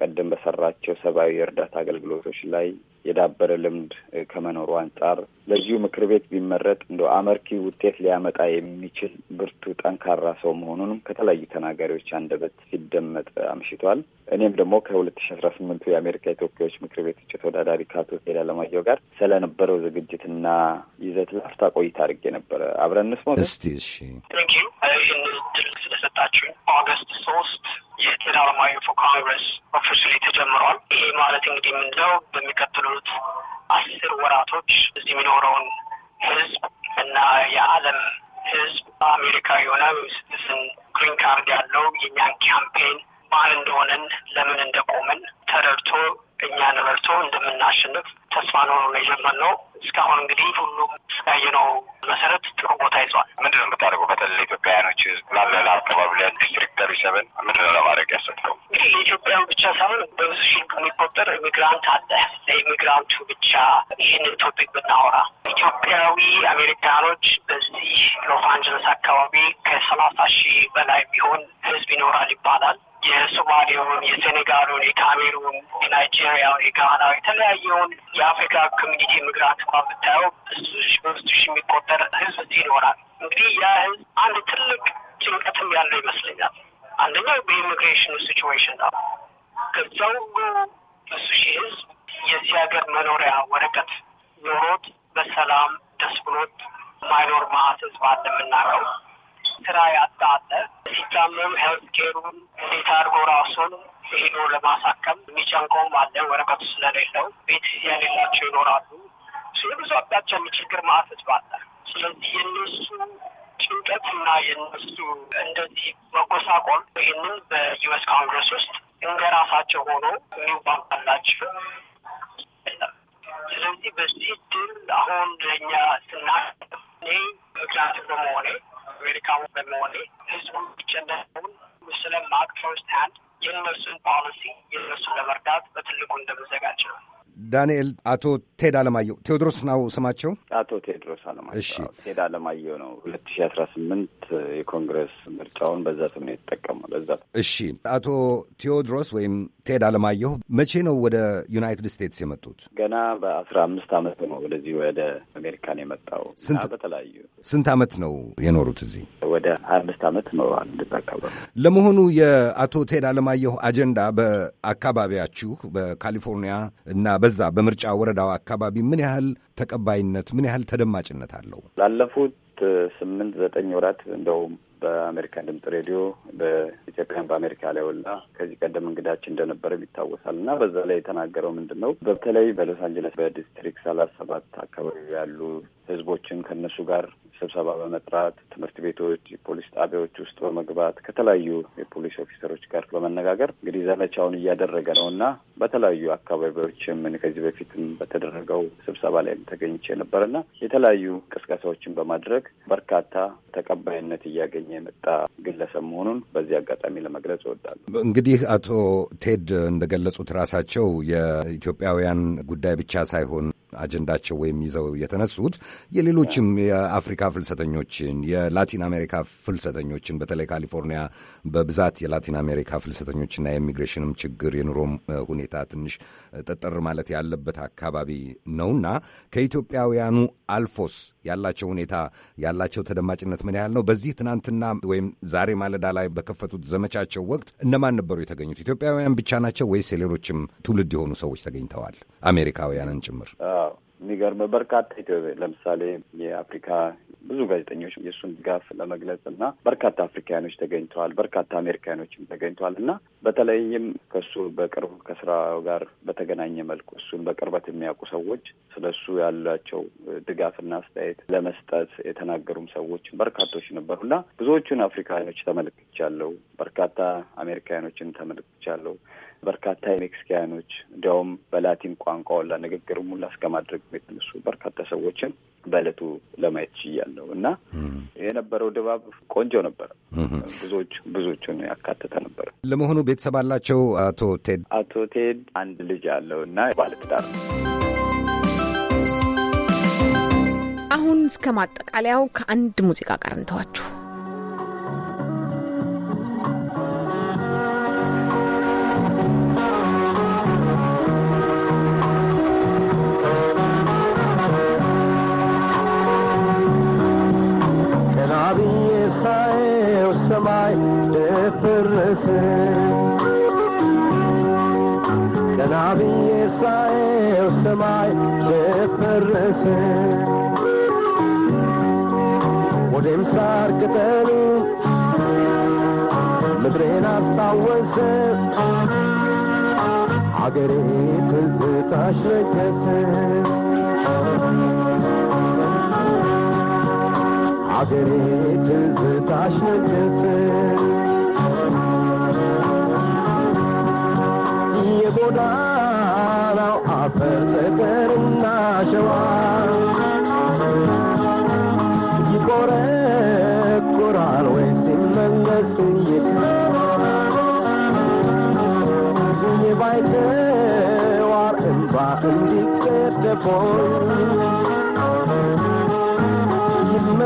ቀደም በሰራቸው ሰብአዊ የእርዳታ አገልግሎቶች ላይ የዳበረ ልምድ ከመኖሩ አንጻር ለዚሁ ምክር ቤት ቢመረጥ እንደ አመርኪ ውጤት ሊያመጣ የሚችል ብርቱ፣ ጠንካራ ሰው መሆኑንም ከተለያዩ ተናጋሪዎች አንደበት ሲደመጥ አምሽቷል። እኔም ደግሞ ከሁለት ሺ አስራ ስምንቱ የአሜሪካ የተወካዮች ምክር ቤት እጩ ተወዳዳሪ ከአቶ ቴድ አለማየሁ ጋር ስለነበረው ዝግጅትና ይዘት ላፍታ ቆይታ አድርጌ ነበረ። አብረን እንስማ እስቲ። እሺ፣ ስለሰጣችሁ ኦገስት ሶስት የፌዴራል ማዩፎ ኮንግረስ ኦፊሻሊ ተጀምሯል። ይህ ማለት እንግዲህ የምንለው በሚቀጥሉት አስር ወራቶች እዚህ የሚኖረውን ህዝብ እና የዓለም ህዝብ አሜሪካ የሆነ ሲቲዝን ግሪን ካርድ ያለው የእኛን ካምፔን ማን እንደሆነን ለምን እንደቆምን ተረድቶ እኛን ረድቶ እንደምናሸንፍ ተስፋ ነው ነው የጀመርነው። እስካሁን እንግዲህ ሁሉም እስካየነው መሰረት ጥሩ ቦታ ይዟል። ምንድነው ነው የምታደርገው? በተለይ ለኢትዮጵያውያኖች ህዝብ አካባቢ ለአካባቢ ለኢንዱስትሪ ሰሪ ሰቨን ምድር ለማድረግ ያሰብነው እንግዲህ የኢትዮጵያን ብቻ ሳይሆን በብዙ ሺህ የሚቆጠር ኢሚግራንት አለ። ለኢሚግራንቱ ብቻ ይህንን ቶፒክ ብናወራ ኢትዮጵያዊ አሜሪካኖች በዚህ ሎስ አንጀለስ አካባቢ ከሰላሳ ሺህ በላይ ቢሆን ህዝብ ይኖራል ይባላል። የሶማሌውን፣ የሴኔጋሉን፣ የካሜሩን፣ የናይጄሪያውን፣ የጋናው የተለያየውን የአፍሪካ ኮሚኒቲ ኢሚግራንት እንኳን ብታየው ብዙ በብዙ ሺህ የሚቆጠር ህዝብ እዚህ ይኖራል። እንግዲህ ያ ህዝብ አንድ ትልቅ ጭንቀትም ያለው ይመስለኛል። አንደኛው በኢሚግሬሽኑ ሲትዌሽን ነው። ከዛው ሁሉ ብዙ ሺህ ህዝብ የዚህ ሀገር መኖሪያ ወረቀት ኖሮት በሰላም ደስ ብሎት ማይኖር ማት ህዝብ አለ የምናውቀው። ስራ ያጣ አለ። ሲታመም ሄልት ኬሩን እንዴት አድርጎ ራሱን ሄዶ ለማሳከም የሚጨንቀውም አለ ወረቀቱ ስለሌለው። ቤት ያሌላቸው ይኖራሉ። ብዙ አቅጣጫ የሚችግር ማት ህዝብ አለ። ስለዚህ የነሱ ጭንቀት እና የነሱ እንደዚህ መጎሳቆል ይህንን በዩኤስ ካንግረስ ውስጥ እንደራሳቸው ሆኖ የሚዋባላቸው ስለዚህ በዚህ ድል አሁን ለእኛ ስና እኔ ምክንያት በመሆኔ አሜሪካ በመሆኔ ህዝቡ ጨነውን ስለማቅ ፈርስት ሀንድ የእነሱን ፖሊሲ የእነሱን ለመርዳት በትልቁ እንደምዘጋጅ ነው። ዳንኤል አቶ ቴድ አለማየሁ ቴዎድሮስ ነው ስማቸው። አቶ ቴድሮስ አለማየሁ። እሺ፣ ቴድ አለማየሁ ነው። ሁለት ሺ አስራ ስምንት የኮንግረስ ምርጫውን በዛ ስም ነው የተጠቀመው። ለዛ እሺ፣ አቶ ቴዎድሮስ ወይም ቴድ አለማየሁ መቼ ነው ወደ ዩናይትድ ስቴትስ የመጡት? ገና በአስራ አምስት አመት ነው ወደዚህ ወደ አሜሪካን የመጣው። ስንት በተለያዩ ስንት አመት ነው የኖሩት እዚህ? ወደ ሀያ አምስት አመት ኖረዋል። ለመሆኑ የአቶ ቴድ አለማየሁ አጀንዳ በአካባቢያችሁ በካሊፎርኒያ እና በዛ በምርጫ ወረዳው አካባቢ ምን ያህል ተቀባይነት ምን ያህል ተደማጭነት አለው? ላለፉት ስምንት ዘጠኝ ወራት እንደውም በአሜሪካን ድምጽ ሬዲዮ በኢትዮጵያን በአሜሪካ ላይ ወላ ከዚህ ቀደም እንግዳችን እንደነበረ ይታወሳል እና በዛ ላይ የተናገረው ምንድን ነው በተለይ በሎስ አንጀለስ በዲስትሪክት ሰላሳ ሰባት አካባቢ ያሉ ህዝቦችን ከእነሱ ጋር ስብሰባ በመጥራት ትምህርት ቤቶች፣ የፖሊስ ጣቢያዎች ውስጥ በመግባት ከተለያዩ የፖሊስ ኦፊሰሮች ጋር በመነጋገር እንግዲህ ዘመቻውን እያደረገ ነው እና በተለያዩ አካባቢዎችም ከዚህ በፊትም በተደረገው ስብሰባ ላይ ተገኝቼ ነበር እና የተለያዩ ቅስቀሳዎችን በማድረግ በርካታ ተቀባይነት እያገኘ የመጣ ግለሰብ መሆኑን በዚህ አጋጣሚ ለመግለጽ ይወዳሉ። እንግዲህ አቶ ቴድ እንደገለጹት ራሳቸው የኢትዮጵያውያን ጉዳይ ብቻ ሳይሆን አጀንዳቸው ወይም ይዘው የተነሱት የሌሎችም የአፍሪካ ፍልሰተኞችን የላቲን አሜሪካ ፍልሰተኞችን በተለይ ካሊፎርኒያ በብዛት የላቲን አሜሪካ ፍልሰተኞችና የኢሚግሬሽንም ችግር የኑሮም ሁኔታ ትንሽ ጠጠር ማለት ያለበት አካባቢ ነውና ከኢትዮጵያውያኑ አልፎስ ያላቸው ሁኔታ ያላቸው ተደማጭነት ምን ያህል ነው? በዚህ ትናንትና ወይም ዛሬ ማለዳ ላይ በከፈቱት ዘመቻቸው ወቅት እነማን ነበሩ የተገኙት? ኢትዮጵያውያን ብቻ ናቸው ወይስ የሌሎችም ትውልድ የሆኑ ሰዎች ተገኝተዋል? አሜሪካውያንን ጭምር። የሚገርም በርካታ ኢትዮጵያ ለምሳሌ የአፍሪካ ብዙ ጋዜጠኞች የእሱን ድጋፍ ለመግለጽ እና በርካታ አፍሪካያኖች ተገኝተዋል። በርካታ አሜሪካያኖችም ተገኝተዋል እና በተለይም ከእሱ በቅርብ ከስራው ጋር በተገናኘ መልኩ እሱን በቅርበት የሚያውቁ ሰዎች ስለ እሱ ያላቸው ድጋፍና አስተያየት ለመስጠት የተናገሩም ሰዎች በርካቶች ነበሩ እና ብዙዎቹን አፍሪካያኖች ተመልክቻለሁ። በርካታ አሜሪካያኖችን ተመልክቻለሁ። በርካታ ሜክሲካያኖች እንዲያውም በላቲን ቋንቋ ሁላ ንግግር ሙላ እስከ ማድረግ የተነሱ በርካታ ሰዎችን በእለቱ ለማየት ችያለሁ እና የነበረው ድባብ ቆንጆ ነበረ። ብዙዎች ብዙዎቹን ያካተተ ነበረ። ለመሆኑ ቤተሰብ አላቸው? አቶ ቴድ አቶ ቴድ አንድ ልጅ አለው እና ባለትዳር ነው። አሁን እስከ ማጠቃለያው ከአንድ ሙዚቃ ጋር እንተዋችሁ። ሰማይ ድፍርስ ገና ብዬ ሳየው ሰማይ ድፍርስ ወዴም ሳር ቅጠሉ ምድሬን አስታወሰ አገሬ ትዝታሽ ረገሰ አገሬ ትዝታሽ ነግስ የጎዳናው አፈር ጠጠርና ሸዋ ይቆረቁራል ወይ ሲመለስ የባይተዋር እንባ እንዲቀደፎኝ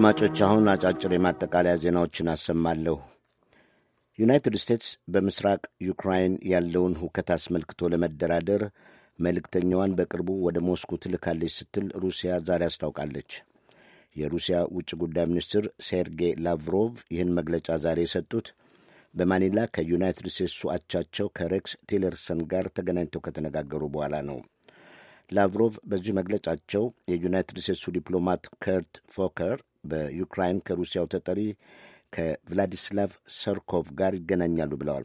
አድማጮች፣ አሁን አጫጭር የማጠቃለያ ዜናዎችን አሰማለሁ። ዩናይትድ ስቴትስ በምስራቅ ዩክራይን ያለውን ሁከት አስመልክቶ ለመደራደር መልእክተኛዋን በቅርቡ ወደ ሞስኩ ትልካለች ስትል ሩሲያ ዛሬ አስታውቃለች። የሩሲያ ውጭ ጉዳይ ሚኒስትር ሴርጌይ ላቭሮቭ ይህን መግለጫ ዛሬ የሰጡት በማኒላ ከዩናይትድ ስቴትሱ አቻቸው ከሬክስ ቲለርሰን ጋር ተገናኝተው ከተነጋገሩ በኋላ ነው። ላቭሮቭ በዚሁ መግለጫቸው የዩናይትድ ስቴትሱ ዲፕሎማት ከርት ፎከር በዩክራይን ከሩሲያው ተጠሪ ከቭላዲስላቭ ሰርኮቭ ጋር ይገናኛሉ ብለዋል።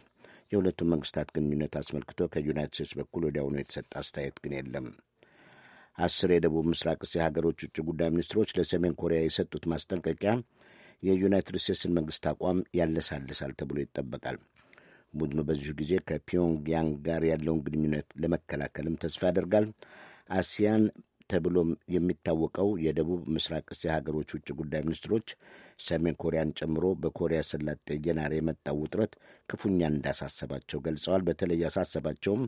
የሁለቱም መንግስታት ግንኙነት አስመልክቶ ከዩናይትድ ስቴትስ በኩል ወዲያውኑ የተሰጠ አስተያየት ግን የለም። አስር የደቡብ ምስራቅ እስያ ሀገሮች ውጭ ጉዳይ ሚኒስትሮች ለሰሜን ኮሪያ የሰጡት ማስጠንቀቂያ የዩናይትድ ስቴትስን መንግስት አቋም ያለሳልሳል ተብሎ ይጠበቃል። ቡድኑ በዚሁ ጊዜ ከፒዮንግያንግ ጋር ያለውን ግንኙነት ለመከላከልም ተስፋ ያደርጋል። አሲያን ተብሎም የሚታወቀው የደቡብ ምስራቅ እስያ ሀገሮች ውጭ ጉዳይ ሚኒስትሮች ሰሜን ኮሪያን ጨምሮ በኮሪያ ሰላጤ እየናረ የመጣው ውጥረት ክፉኛ እንዳሳሰባቸው ገልጸዋል። በተለይ ያሳሰባቸውም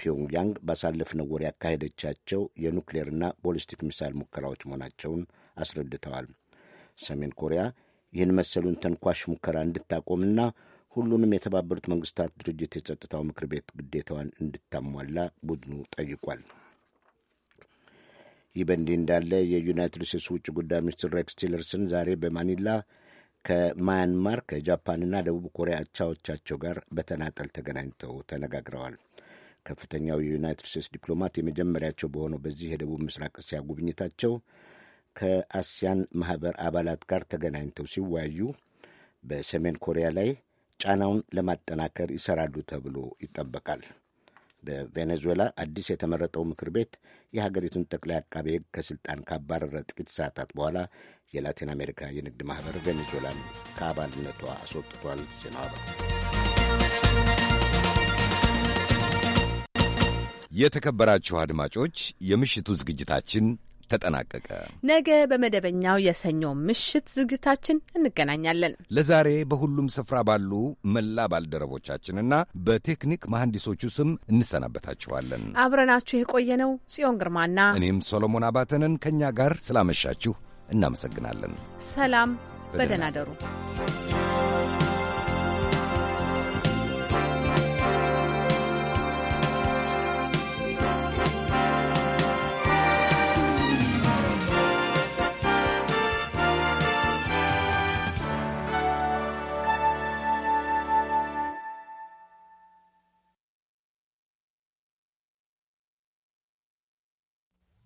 ፒዮንግያንግ ባሳለፍነው ወር ያካሄደቻቸው የኑክሌርና ቦሊስቲክ ሚሳይል ሙከራዎች መሆናቸውን አስረድተዋል። ሰሜን ኮሪያ ይህን መሰሉን ተንኳሽ ሙከራ እንድታቆምና ሁሉንም የተባበሩት መንግስታት ድርጅት የጸጥታው ምክር ቤት ግዴታዋን እንድታሟላ ቡድኑ ጠይቋል። ይህ በእንዲህ እንዳለ የዩናይትድ ስቴትስ ውጭ ጉዳይ ሚኒስትር ሬክስ ቲለርሰን ዛሬ በማኒላ ከማያንማር ከጃፓንና ደቡብ ኮሪያ አቻዎቻቸው ጋር በተናጠል ተገናኝተው ተነጋግረዋል። ከፍተኛው የዩናይትድ ስቴትስ ዲፕሎማት የመጀመሪያቸው በሆነው በዚህ የደቡብ ምስራቅ እስያ ጉብኝታቸው ከአሲያን ማህበር አባላት ጋር ተገናኝተው ሲወያዩ በሰሜን ኮሪያ ላይ ጫናውን ለማጠናከር ይሰራሉ ተብሎ ይጠበቃል። በቬኔዙዌላ አዲስ የተመረጠው ምክር ቤት የሀገሪቱን ጠቅላይ አቃቤ ሕግ ከስልጣን ካባረረ ጥቂት ሰዓታት በኋላ የላቲን አሜሪካ የንግድ ማህበር ቬኔዙዌላን ከአባልነቷ አስወጥቷል። ዜናዋ የተከበራችሁ አድማጮች፣ የምሽቱ ዝግጅታችን ተጠናቀቀ። ነገ በመደበኛው የሰኞ ምሽት ዝግጅታችን እንገናኛለን። ለዛሬ በሁሉም ስፍራ ባሉ መላ ባልደረቦቻችንና በቴክኒክ መሐንዲሶቹ ስም እንሰናበታችኋለን። አብረናችሁ የቆየነው ጽዮን ግርማና እኔም ሶሎሞን አባተንን ከእኛ ጋር ስላመሻችሁ እናመሰግናለን። ሰላም፣ በደህና ደሩ።